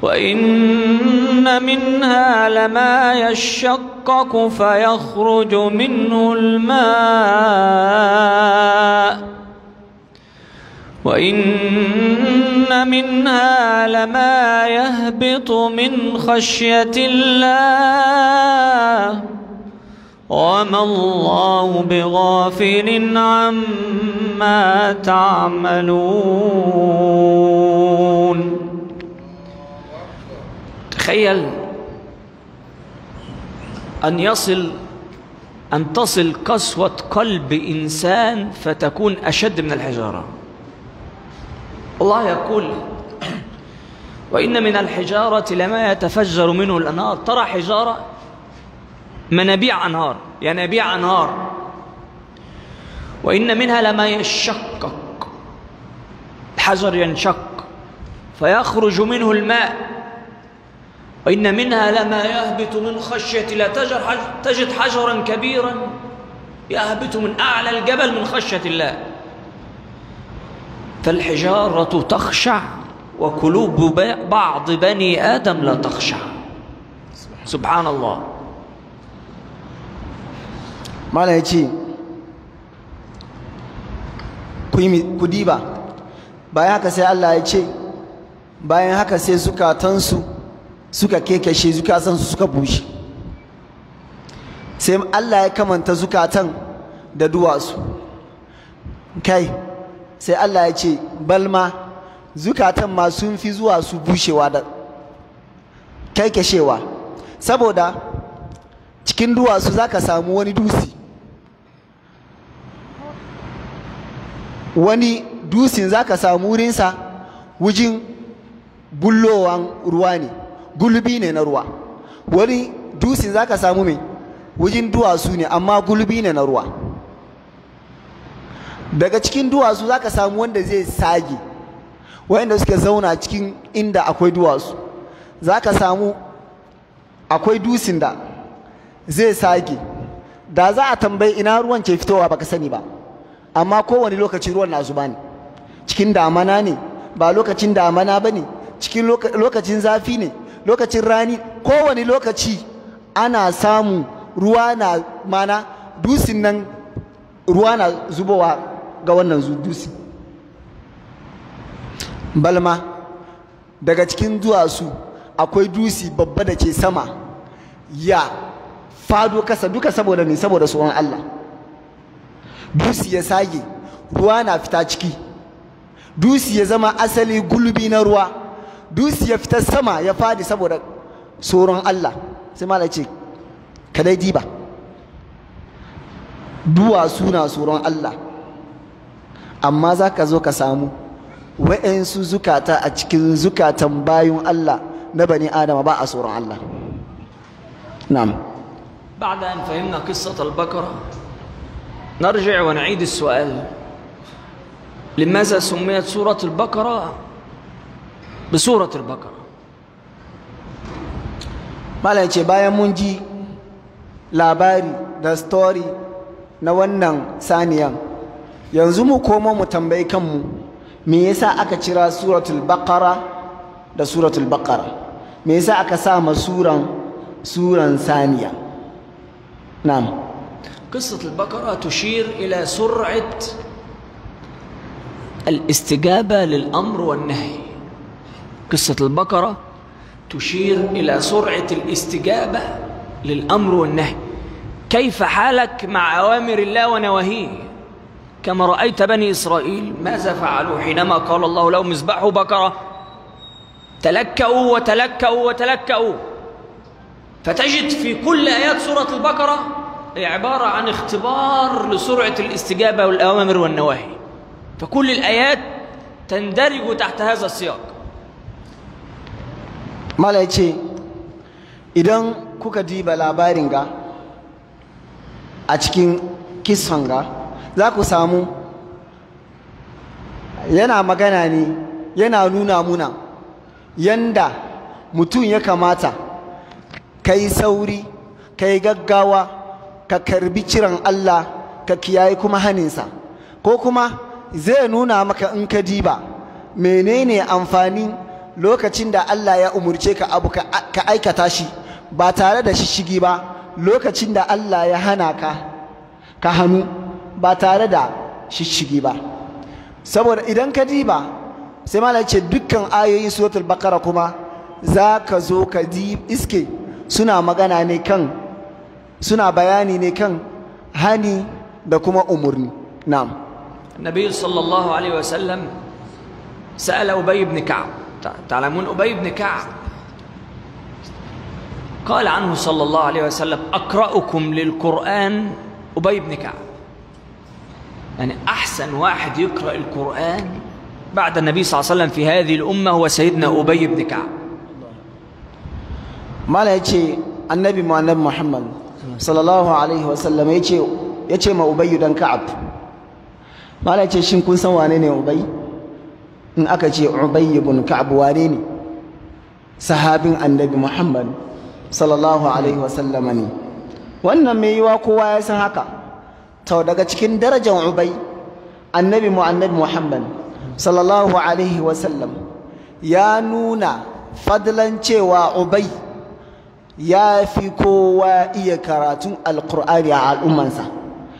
وإن منها لما يشقق فيخرج منه الماء وإن منها لما يهبط من خشية الله وما الله بغافل عما تعملون تخيل أن يصل أن تصل قسوة قلب إنسان فتكون أشد من الحجارة الله يقول وإن من الحجارة لما يتفجر منه الأنهار ترى حجارة منابيع أنهار ينابيع يعني أنهار وإن منها لما يشقق الحجر ينشق فيخرج منه الماء وإن منها لما يهبط من خشية لا تجد حجرا كبيرا يهبط من أعلى الجبل من خشية الله فالحجارة تخشع وقلوب بعض بني آدم لا تخشع سبحان الله لا يجي ku كديبا bayan haka sai يجي ya ce bayan suka kekeshe su suka bushe sai Allah ya kamanta zukatan da duwatsu kai sai Allah ya ce balma zukatan ma sun fi zuwa su bushewa da kekeshewa saboda cikin duwatsu za ka samu wani dusi wani dusin za ka samu wurinsa wujin bullowan ruwa ne gulbi ne na ruwa wani dusin za ka samu mai wajen duwatsu ne amma gulbi ne na ruwa daga cikin duwatsu za ka samu wanda zai sage wayanda suka zauna cikin inda akwai duwatsu za ka samu akwai dusin da zai sage da za a tambayi ina ruwan ke fitowa baka sani ba amma kowane lokaci ruwan na zuba ne cikin damana ne ba lokacin damana ba ne cikin lokacin zafi ne lokacin rani kowane lokaci ana samu ruwa na mana dusin nan ruwa na zubowa ga wannan dusi balma daga cikin duwatsu akwai dusi babba da ke sama ya fado kasa duka saboda ne saboda tsohon Allah dusi ya sage ruwa na fita ciki dusi ya zama asali gulbi na ruwa dusi ya fita sama ya fadi saboda tsoron Allah sai malai ce ka dai diba duwatsu suna tsoron Allah amma zaka zo ka samu wa'yansu zukata a cikin zukatan bayin Allah na bani Adama ba a tsoron Allah na'am بعد أن فهمنا قصة البقرة نرجع ونعيد السؤال لماذا سميت سورة البقرة بسورة البقرة مالاكي بايا منجي لاباري دا ستوري نوانن ثانيا ينزمو كومو متنبئكم ميسا أكترا سورة البقرة دا سورة البقرة ميسا أكسام سورا سورا ثانيا نعم قصة البقرة تشير إلى سرعة الاستجابة للأمر والنهي قصة البقرة تشير إلى سرعة الاستجابة للأمر والنهي كيف حالك مع أوامر الله ونواهيه كما رأيت بني إسرائيل ماذا فعلوا حينما قال الله لهم اذبحوا بقرة تلكأوا وتلكأوا وتلكأوا فتجد في كل آيات سورة البقرة عبارة عن اختبار لسرعة الاستجابة والأوامر والنواهي فكل الآيات تندرج تحت هذا السياق mala ce idan kuka diba labarin ga a cikin kisan ga za ku samu yana magana ne yana nuna muna yanda mutum ya kamata ka yi sauri ka yi gaggawa ka karbi ciran Allah ka kiyaye kuma haninsa ko kuma zai nuna maka in ka diba menene amfanin lokacin da Allah ya umurce ka abu ka aikata shi ba tare da shishigi ba lokacin da Allah ya hana ka ka hannu ba tare da shishigi ba saboda idan ka diba sai malam ce dukkan ayoyin suratul baqara kuma za ka zo ka di iske suna magana ne kan suna bayani ne kan hani da kuma umurni na'am النبي صلى الله عليه وسلم سأل تعلمون أبي بن كعب قال عنه صلى الله عليه وسلم أقرأكم للقرآن أبي بن كعب يعني أحسن واحد يقرأ القرآن بعد النبي صلى الله عليه وسلم في هذه الأمة هو سيدنا أبي بن كعب ما لا يجي النبي معلم محمد صلى الله عليه وسلم يجي يجي ما أبي بن كعب ما لا يجي شنكون سواني أبي in aka ce ubayy ibn ka'ab wane ne sahabin annabi muhammad sallallahu alaihi wasallama ne wannan mai yiwa kowa ya san haka to daga cikin darajar ubay annabi mu annabi muhammad sallallahu alaihi sallam ya nuna fadlan cewa ubay ya fi kowa iya karatun alkur'ani a al'ummansa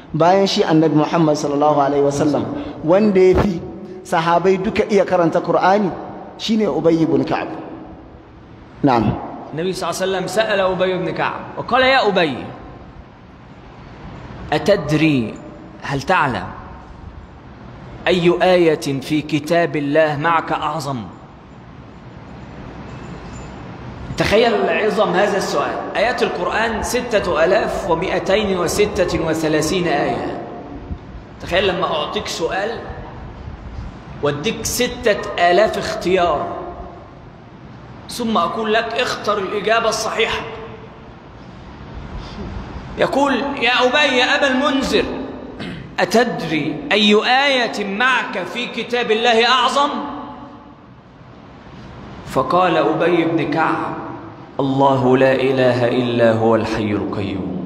bayan shi annabi muhammad sallallahu alaihi wasallam wanda ya fi sahabai duka iya karanta Qur'ani shine Ubay ibn Ka'ab na'am النبي صلى الله عليه وسلم سأل أبي بن كعب وقال يا أبي أتدري هل تعلم أي آية في كتاب الله معك أعظم تخيل عظم هذا السؤال آيات القرآن ستة ألاف ومئتين وستة وثلاثين آية تخيل لما أعطيك سؤال واديك ستة آلاف اختيار ثم أقول لك اختر الإجابة الصحيحة يقول يا أبي يا أبا المنذر أتدري أي آية معك في كتاب الله أعظم؟ فقال أبي بن كعب الله لا إله إلا هو الحي القيوم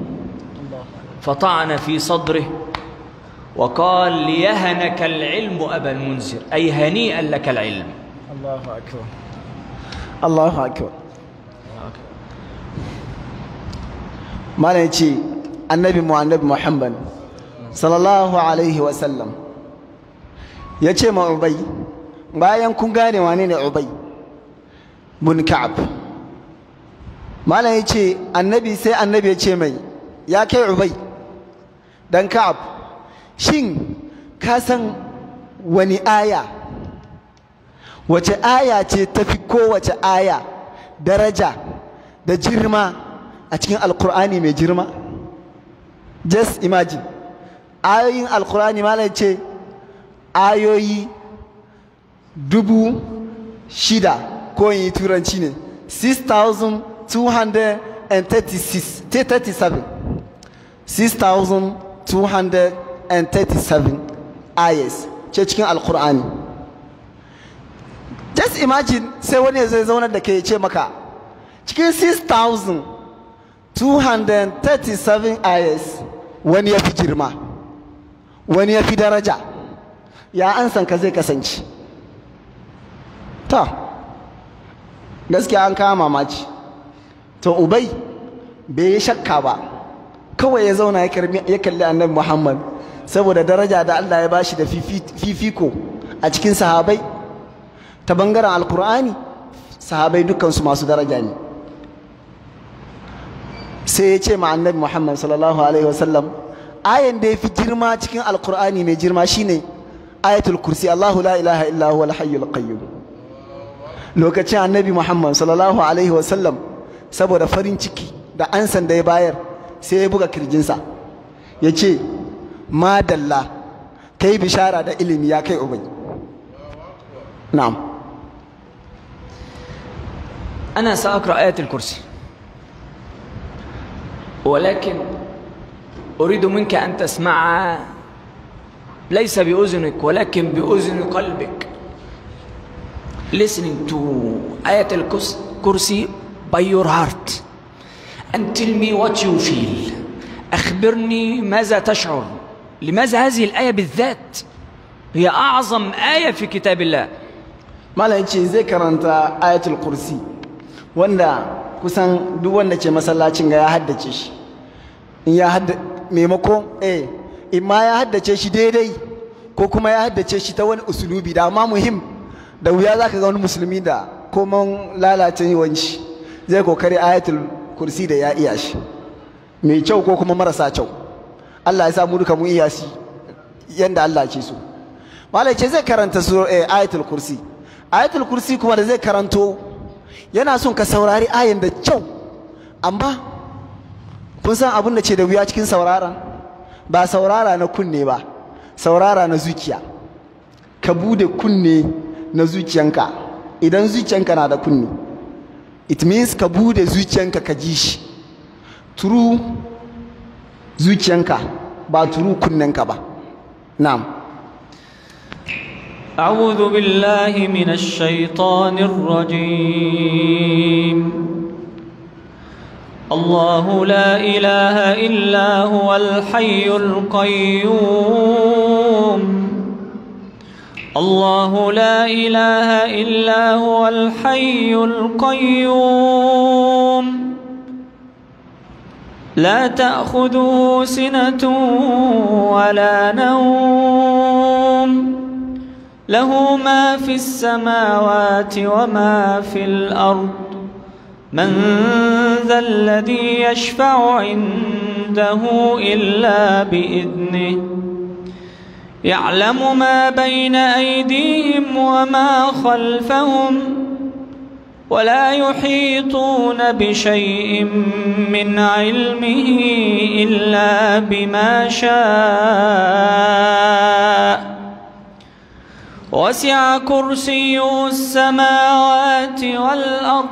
فطعن في صدره وقال ليهنك العلم أبا المنذر أي هنيئا لك العلم الله أكبر الله أكبر ما نيجي النبي مع النبي محمد صلى الله عليه وسلم يجي مع عبي bayan kun gane wane ne Ubay bin Ka'ab malam yace annabi sai annabi ya ce mai ya kai Ubay dan Ka'ab shin ka san wani aya wace aya ce tafi kowace aya daraja da girma a cikin alkur'ani mai girma just imagine ayoyin alkur'ani malam ce ayoyi dubu shida ko yi turanci ne 6236 6237 137 ayes ce cikin alkur'ani just imagine sai wani zai zaunar da ke ce maka cikin 6,237 ayes wani ya fi girma wani ya fi daraja ya an san ka zai kasance ta gaskiya an kama mamaci to ubai bai yi shakka ba kawai ya zauna ya kalli annabi muhammad saboda daraja da Allah ya bashi da fifiko a cikin sahabai ta bangaren alkur'ani sahabai dukansu masu daraja ne sai ya ce ma annabi muhammad sallallahu alaihi wasallam ayan da ya fi girma cikin alkur'ani mai girma shine ayatul kursi allahu la ilaha illa huwa alhayyul qayyum lokacin annabi muhammad sallallahu alaihi wasallam saboda farin ciki da ansan da ya bayar sai ya buga kirjinsa ya ce ما دلا yi bishara da ilimi ya kai ubai na'am ana sa'akra ayatul ولكن أريد منك أن تسمع ليس بأذنك ولكن بأذن قلبك listening to آية الكرسي by your heart and tell me what you feel أخبرني ماذا تشعر لماذا هذه الآية بالذات هي أعظم آية في كتاب الله ما لا ينشي زي كرنت آية kusan duk wanda ke masallacin ga ya haddace shi in ya hadda maimakon eh in ma ya haddace shi daidai ko kuma ya haddace shi ta wani usulubi da amma muhim da wuya zaka ga wani musulmi da koman lalace yawanci zai kokari ayatul kursi da ya iya shi mai kyau ko kuma marasa kyau Allah ya samu duka mu iya shi yanda Allah ke so malai ce zai karanta eh, ayatul kursi ayatul kursi kuma da zai karanto yana son ka saurari ayan da kyau amma kun san abin da ce da wuya cikin saurara ba saurara na kunne ba saurara na zuciya ka bude kunne na zuciyanka idan zuciyanka na da kunne it means ka bude zuciyanka ka ji shi turu zuciyanka ba turu kunnenka ba na'am أعوذ بالله من الشيطان الرجيم الله لا إله إلا هو الحي القيوم الله لا إله إلا هو الحي القيوم لا تأخذه سنة ولا نوم له ما في السماوات وما في الأرض من ذا الذي يشفع عنده إلا بإذنه يعلم ما بين أيديهم وما خلفهم ولا يحيطون بشيء من علمه إلا بما شاء وسع كرسيه السماوات والأرض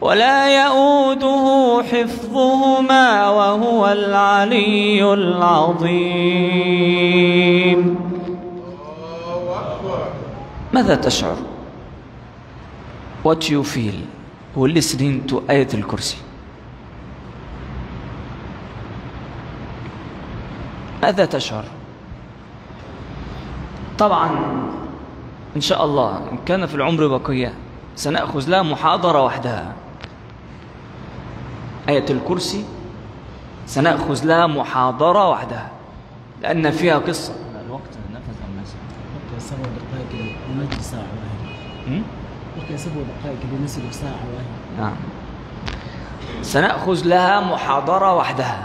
ولا يؤوده حفظهما وهو العلي العظيم ماذا تشعر؟ what you feel while listening to Ayat al-Kursi ماذا تشعر طبعا إن شاء الله إن كان في العمر بقية سنأخذ لها محاضرة وحدها آية الكرسي سنأخذ لها محاضرة وحدها لأن فيها قصة الوقت نفذ عن نفسه دقائق ساعة سنأخذ لها محاضرة وحدها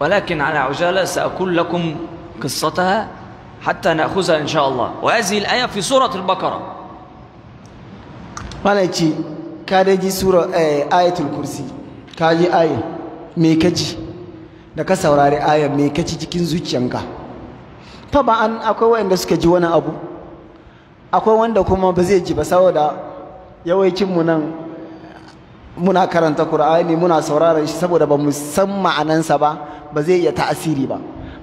ولكن على عجالة سأقول لكم قصتها حتى نأخذها إن شاء الله وهذه الآية في سورة البقرة مالكي كارجي سورة آية الكرسي كاجي آية ميكجي da ka saurari ayar me ka ci cikin zuciyanka fa ba an akwai wanda suka ji wani abu akwai wanda kuma ba zai ji ba saboda yawancin mu nan muna karanta Qur'ani muna saurara shi saboda ba mu san ma'anansa ba ba zai iya ta'asiri ba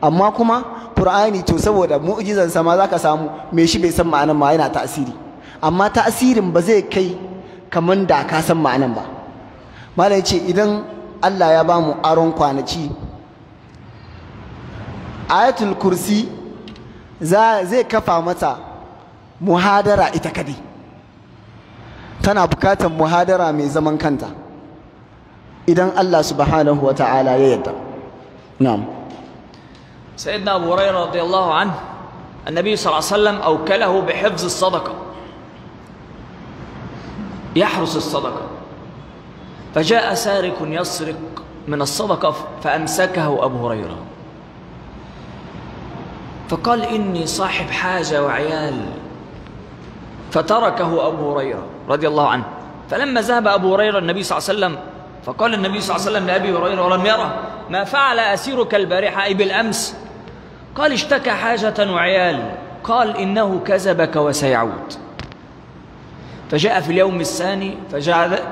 amma kuma Qur'ani to saboda mu'jizan sa ma zaka samu me shi bai san ma'anan ma yana ta'asiri amma tasirin ba zai kai kamar da ka san ma'anan ba malam ce idan Allah ya ba mu aron kwanaci ayatul kursi zai kafa mata muhadara ita kadai tana bukatar muhadara mai zaman kanta idan Allah subhanahu wata'ala ya نعم na'am أبو هريرة رضي الله عنه النبي صلى الله عليه وسلم أوكله بحفظ الصدقة يحرس الصدقة فجاء سارق يسرق من الصدقة فأمسكه أبو هريرة فقال إني صاحب حاجة وعيال فتركه أبو هريرة رضي الله عنه فلما ذهب أبو هريرة النبي صلى الله عليه وسلم فقال النبي صلى الله عليه وسلم لأبي هريرة ولم يره ما فعل أسيرك البارحة أي بالأمس قال اشتكى حاجة وعيال قال إنه كذبك وسيعود فجاء في اليوم الثاني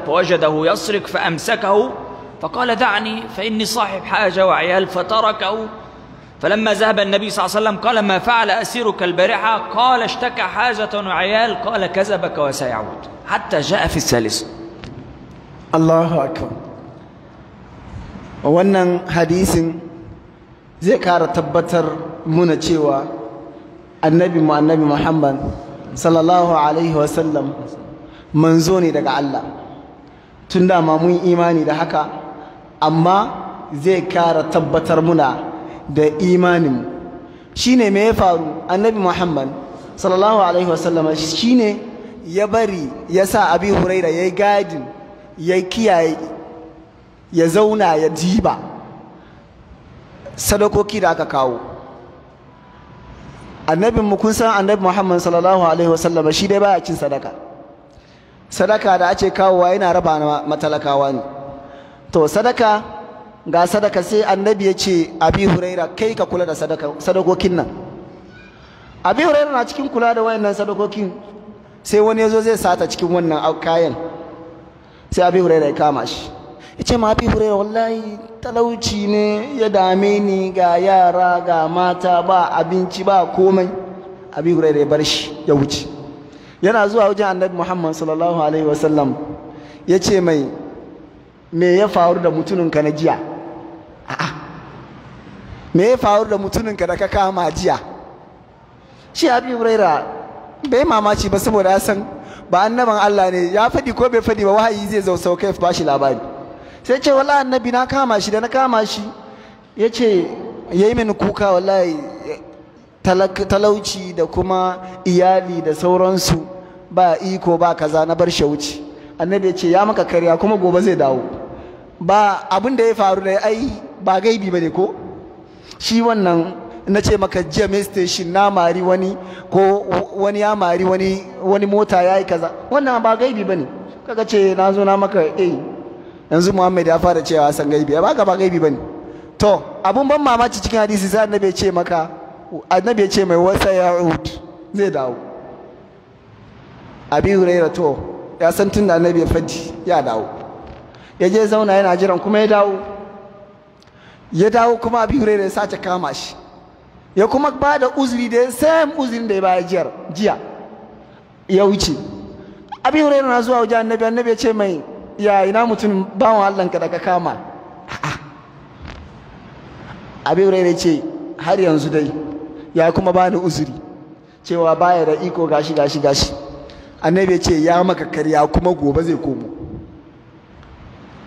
فوجده يسرق فأمسكه فقال دعني فإني صاحب حاجة وعيال فتركه فلما ذهب النبي صلى الله عليه وسلم قال ما فعل أسيرك البارحة قال اشتكى حاجة وعيال قال كذبك وسيعود حتى جاء في الثالثه. الله أكبر وانا حديث زي كارة تبتر منى تشيوى النبي مع النبي محمد صلى الله عليه وسلم منزوني دقاء الله تندى ما إيماني دهكا أما زي كارة تبتر منى da imanin shine me ya faru annabi muhammad sallallahu alaihi wasallam shine ya bari ya sa abi huraira ya yi gadin ya kiyaye ya zauna ya jiba sadakoki da aka kawo annabin mu kun san annabi muhammad sallallahu alaihi wasallam shi dai baya cin sadaka sadaka da ake kawowa yana raba matalakawa ne to sadaka ga sadaka sai annabi ya ce abi huraira kai ka kula da sadakokin nan abi huraira na cikin kula da wayannan sadakokin sai wani ya zo zai sata cikin wannan kayan sai abi huraira ya kama shi ya ce ma abi huraira wallahi talauci ne ya dame ni ga yara ga mata ba abinci ba komai abi huraira ya bar shi ya wuce yana zuwa wajen annabi muhammad sallallahu alaihi wasallam ya ce mai me ya faru da mutumin ka na jiya a'a me ya faru da mutumin ka da ka kama jiya shi abi huraira bai mamaci ba saboda ya san ba annaban Allah ne ya faɗi ko bai fadi ba wahayi zai zo sauka ya bashi labari sai ce wala annabi na kama shi da na kama shi ya ce ya yi mini kuka wallahi talauci da kuma iyali da sauransu ba iko ba kaza na bar shi wuce annabi ya ce ya maka karya kuma gobe zai dawo ba abin da ya faru da ai ba gaibi bane ko shi wannan na ce maka jiya mai station na mari wani ko wani ya mari wani wani mota ya yi kaza wannan ba gaibi bane kaga ce na zo na maka eh yanzu Muhammad ya fara cewa san gaibi ba ka ba gaibi ba ne. to abun ban mamaci cikin hadisi sai annabi ya ce maka annabi ya ce mai wasa ya'ud zai dawo abi hurairah to ya san tunda annabi ya fadi ya dawo ya je zauna yana jiran kuma ya dawo ya dawo kuma abi huraira ya sace kama shi ya kuma ba da uzuri da same uzurin da ya bayar jiya ya wuce abi huraira na zuwa wajen annabi annabi ya ce mai ya ina mutum bawan Allah ka daga kama abi huraira ya ce har yanzu dai ya kuma ba da uzuri cewa baya da iko gashi gashi gashi annabi ya ce ya maka karya kuma gobe zai komo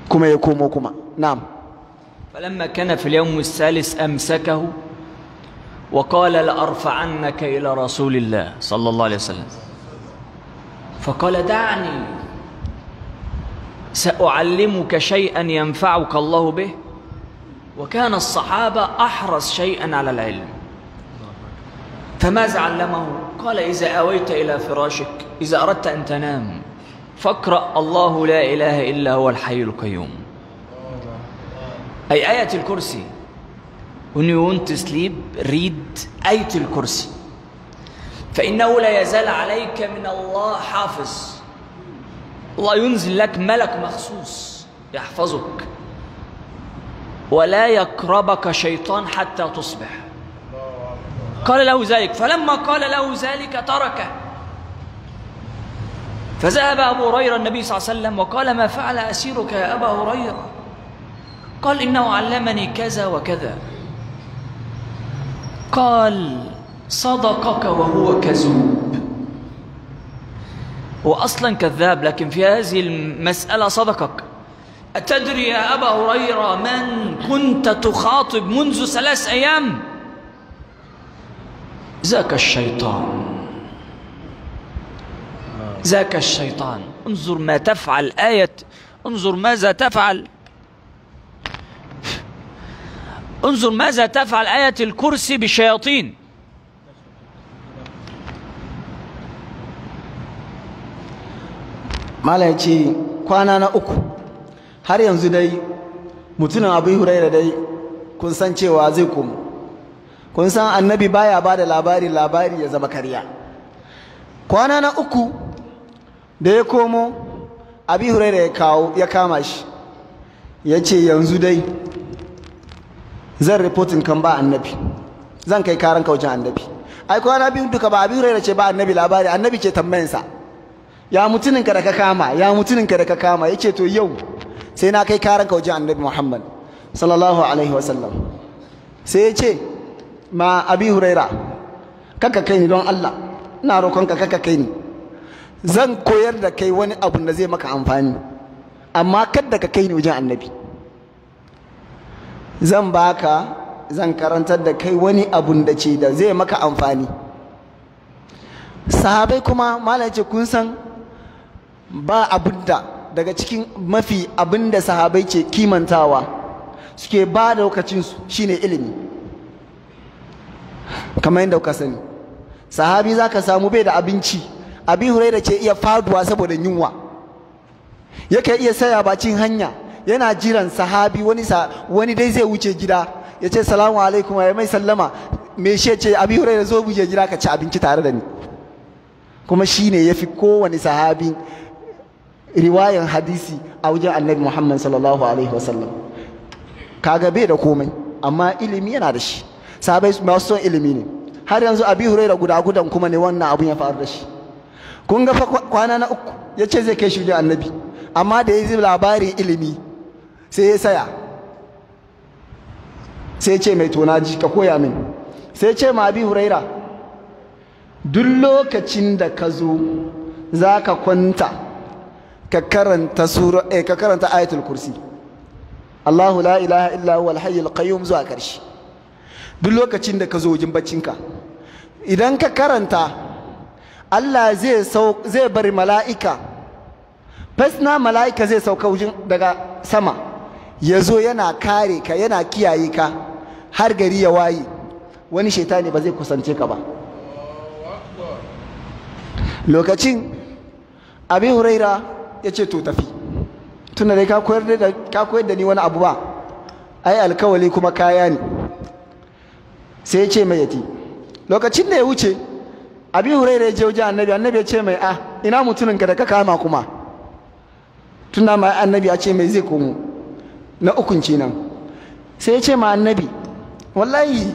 kuma ya komo kuma na'am فلما كان في اليوم الثالث أمسكه وقال لأرفعنك إلى رسول الله صلى الله عليه وسلم فقال دعني سأعلمك شيئا ينفعك الله به وكان الصحابة أحرص شيئا على العلم فماذا علمه؟ قال إذا أويت إلى فراشك إذا أردت أن تنام فاقرأ الله لا إله إلا هو الحي القيوم أي آية الكرسي when you want to sleep read آية الكرسي فإنه لا يزال عليك من الله حافظ الله ينزل لك ملك مخصوص يحفظك ولا يقربك شيطان حتى تصبح قال له ذلك فلما قال له ذلك تركه فذهب أبو هريرة النبي صلى الله عليه وسلم وقال ما فعل أسيرك يا أبا هريرة قال إنه علمني كذا وكذا قال صدقك وهو كذوب هو أصلا كذاب لكن في هذه المسألة صدقك أتدري يا أبا هريرة من كنت تخاطب منذ ثلاث أيام ذاك الشيطان ذاك الشيطان انظر ما تفعل آية انظر ماذا تفعل انظر ماذا تفعل آية الكرسي بالشياطين mala ya ce kwana na uku har yanzu dai mutumin abin huraira dai kun san cewa zai komo kun san annabi baya ba da labari labari ya zama karya kwana na uku da ya komo abin huraira ya ya kama shi ya ce yanzu dai zan reportin kan ba annabi zan kai karan ka wajen annabi ai ana biyu duka ba abin raira ce ba annabi labari annabi tambayin sa ya mutunin ka da ka kama ya mutunin ka da ka kama yace to yau sai na kai karan ka wajen annabi Muhammad sallallahu alaihi wasallam sai yace ma abi huraira kaka kai ni don Allah ina roƙon ka kaka kai ni zan koyar da kai wani abu da zai maka amfani amma kadda ka kai ni wajen annabi zan baka zan karantar da kai wani abun da ce da zai maka amfani sahabai kuma malam kun san ba abun da daga cikin mafi abin da sahabai ce kimantawa suke ba da lokacinsu shine ilimi kamar yadda kuka sani sahabi za ka samu bai da abinci abin da ce iya faduwa saboda yunwa yake iya saya bacin hanya yana jiran sahabi wani sa wani dai zai wuce gida ya ce salamu alaikum ya mai sallama me shi ce abi da zo buje gida ka ci abinci tare da ni kuma shi ya yafi kowane sahabi riwayan hadisi a wajen annabi muhammad sallallahu alaihi wasallam kaga bai da komai amma ilimi yana da shi sahabai masu son ilimi ne har yanzu abi da guda gudan kuma ne wannan abun ya faru da shi kun ga kwana na uku ya ce zai kai shi annabi amma da ya ji labarin ilimi sai ya saya sai ce mai tona ji ka koya min sai ce ma abi huraira duk lokacin da ka zo za ka kwanta ka karanta sura eh ka karanta ayatul kursi Allahu la ilaha illa huwa al qayyum zuwa karshe duk lokacin da ka zo wajen baccinka idan ka karanta Allah zai sau zai bari mala'ika fasna mala'ika zai sauka wajen daga sama ya zo yana kare ka yana kiyaye ka har gari ya waye wani shaitani ba zai kusance ka ba lokacin abin huraira ya ce to tafi tunda dai ka koyar da ni wani abu ba ai alkawali kuma kaya ne sai ya ce mai yati lokacin da ya wuce abin huraira ya je wajen annabi annabi ya ce mai a ah, ina mutuninka ka da ka kama kuma tunda mai annabi ya ce mai zai komo na ukun nan sai ya ce ma annabi wallahi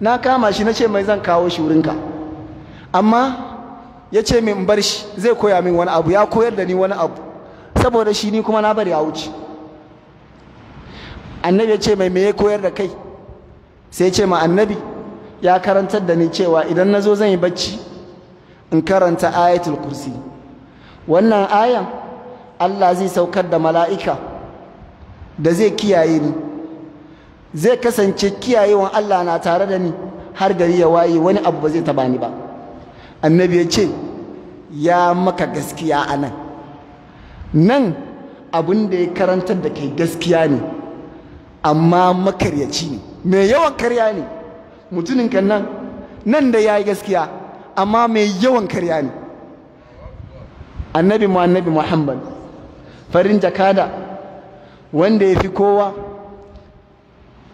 na kama shi na ce mai zan kawo shi wurinka amma ya ce min bar shi zai koya min wani abu ya koyar da ni wani abu saboda shi ni kuma na bari a wuce annabi ya ce mai me ya koyar da kai sai ya ce ma annabi ya karantar da ni cewa idan na zo zan yi bacci in karanta ayatul kursi wannan ayan Allah zai saukar da mala'ika da zai kiyaye ni zai kasance kiyayewan Allah na tare da ni har gari ya waye wani abu ba zai taba ni ba annabi ya ce ya maka gaskiya a nan nan abin da ya karanta da kai gaskiya ne amma makaryaci ne mai yawan karya ne mutumin kan nan nan da ya yi gaskiya amma mai yawan karya ne annabi mu annabi muhammad farin jakada wanda ya fi kowa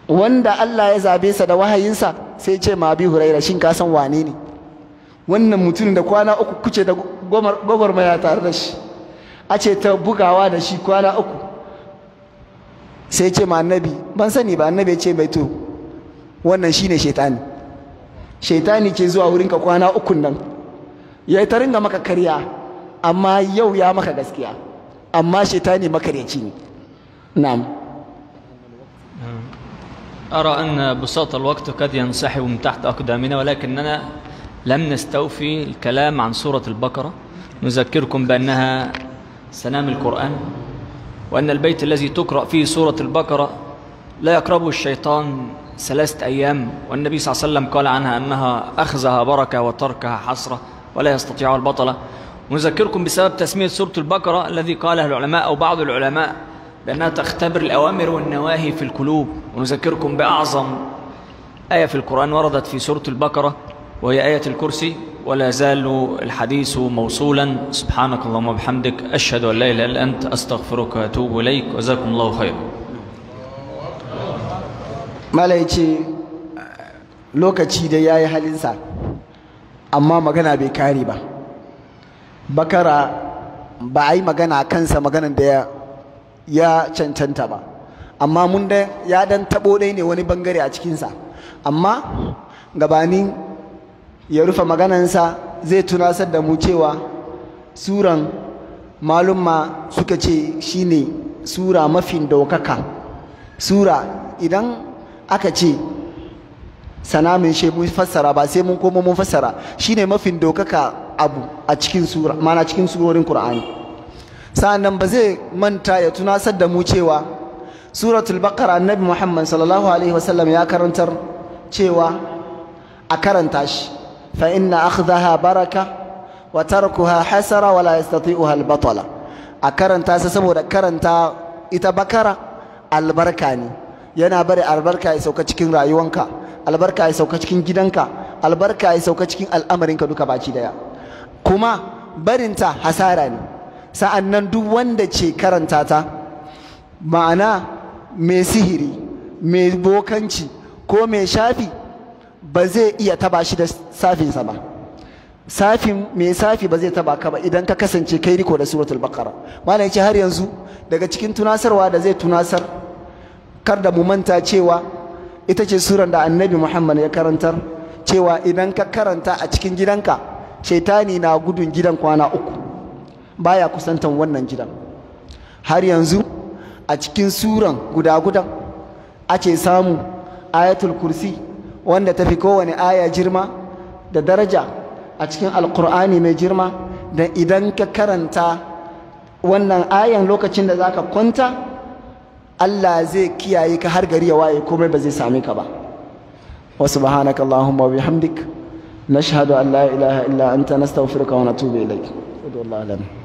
wanda Allah ya zabe sa da wahayinsa sai ce ma bi huraira shin ka san wane ne wannan mutumin da kwana uku kuce da gwagwarmaya tare da shi a ce ta bugawa da shi kwana uku sai ce ma annabi ban sani ba annabi ya ce bai to wannan shi ne shaitani shaitani ke zuwa wurinka kwana ukun nan ya yi ta ringa maka karya amma yau ya maka gaskiya amma shaitani makaryaci ne نعم آه، أرى أن بساط الوقت قد ينسحب من تحت أقدامنا ولكننا لم نستوفي الكلام عن سورة البقرة نذكركم بأنها سنام القرآن وأن البيت الذي تقرأ فيه سورة البقرة لا يقربه الشيطان ثلاثة أيام والنبي صلى الله عليه وسلم قال عنها أنها أخذها بركة وتركها حسرة ولا يستطيعها البطلة ونذكركم بسبب تسمية سورة البقرة الذي قاله العلماء أو بعض العلماء لأنها تختبر الأوامر والنواهي في القلوب ونذكركم بأعظم آية في القرآن وردت في سورة البقرة وهي آية الكرسي ولا زال الحديث موصولا سبحانك اللهم وبحمدك أشهد أن لا إله إلا أنت أستغفرك وأتوب إليك وجزاكم الله خيرا malaici lokaci da ya يا halinsa amma magana bai kare ba bakara ba a yi magana kansa ya cancanta ba amma mun da ya dan tabo dai ne wani bangare a cikinsa amma gabanin ya rufe maganansa zai tunasar da mu cewa suran malumma suka ce shine sura mafi daukaka sura idan aka ce sanamin shi mun fassara ba sai mun koma mun fassara shine mafi daukaka abu a cikin sura mana cikin surorin qur'ani sa'annan ba zai manta ya tunasar da mu cewa suratul baqara annabi muhammad sallallahu alaihi wasallam ya karantar cewa a karanta shi fa inna akhdaha baraka wa tarkuha hasara wa la yastati'uha al-batala a karanta sa saboda karanta ita bakara albarka ne yana bari albarka ya sauka cikin rayuwanka albarka ya sauka cikin gidanka albarka ya sauka cikin al'amarinka duka baki daya kuma barinta hasara ne sa'an nan duk wanda ce karanta ta ma'ana mai sihiri mai bokanci ko mai shafi ba zai iya taba shi da safinsa ba safin mai safi ba zai taba ka ba idan ka kasance kai riko da suratul baqara malam ce har yanzu daga cikin tunasarwa da zai tunasar kar da mu manta cewa ita ce suran da annabi muhammad ya karantar cewa idan ka karanta a cikin gidanka shaitani na gudun gidan kwana uku baya kusantan wannan gidan har yanzu a cikin suran guda guda a ce samu ayatul kursi wanda ta fi kowane aya girma da daraja a cikin alkur'ani mai girma da idan ka karanta wannan ayan lokacin da za ka kwanta allah zai kiyaye ka har gari ya waye komai ba zai same ka ba wasu bahanaka allahumma bihamdik nashhadu an la ilaha illa anta nastaghfiruka na tube ilayk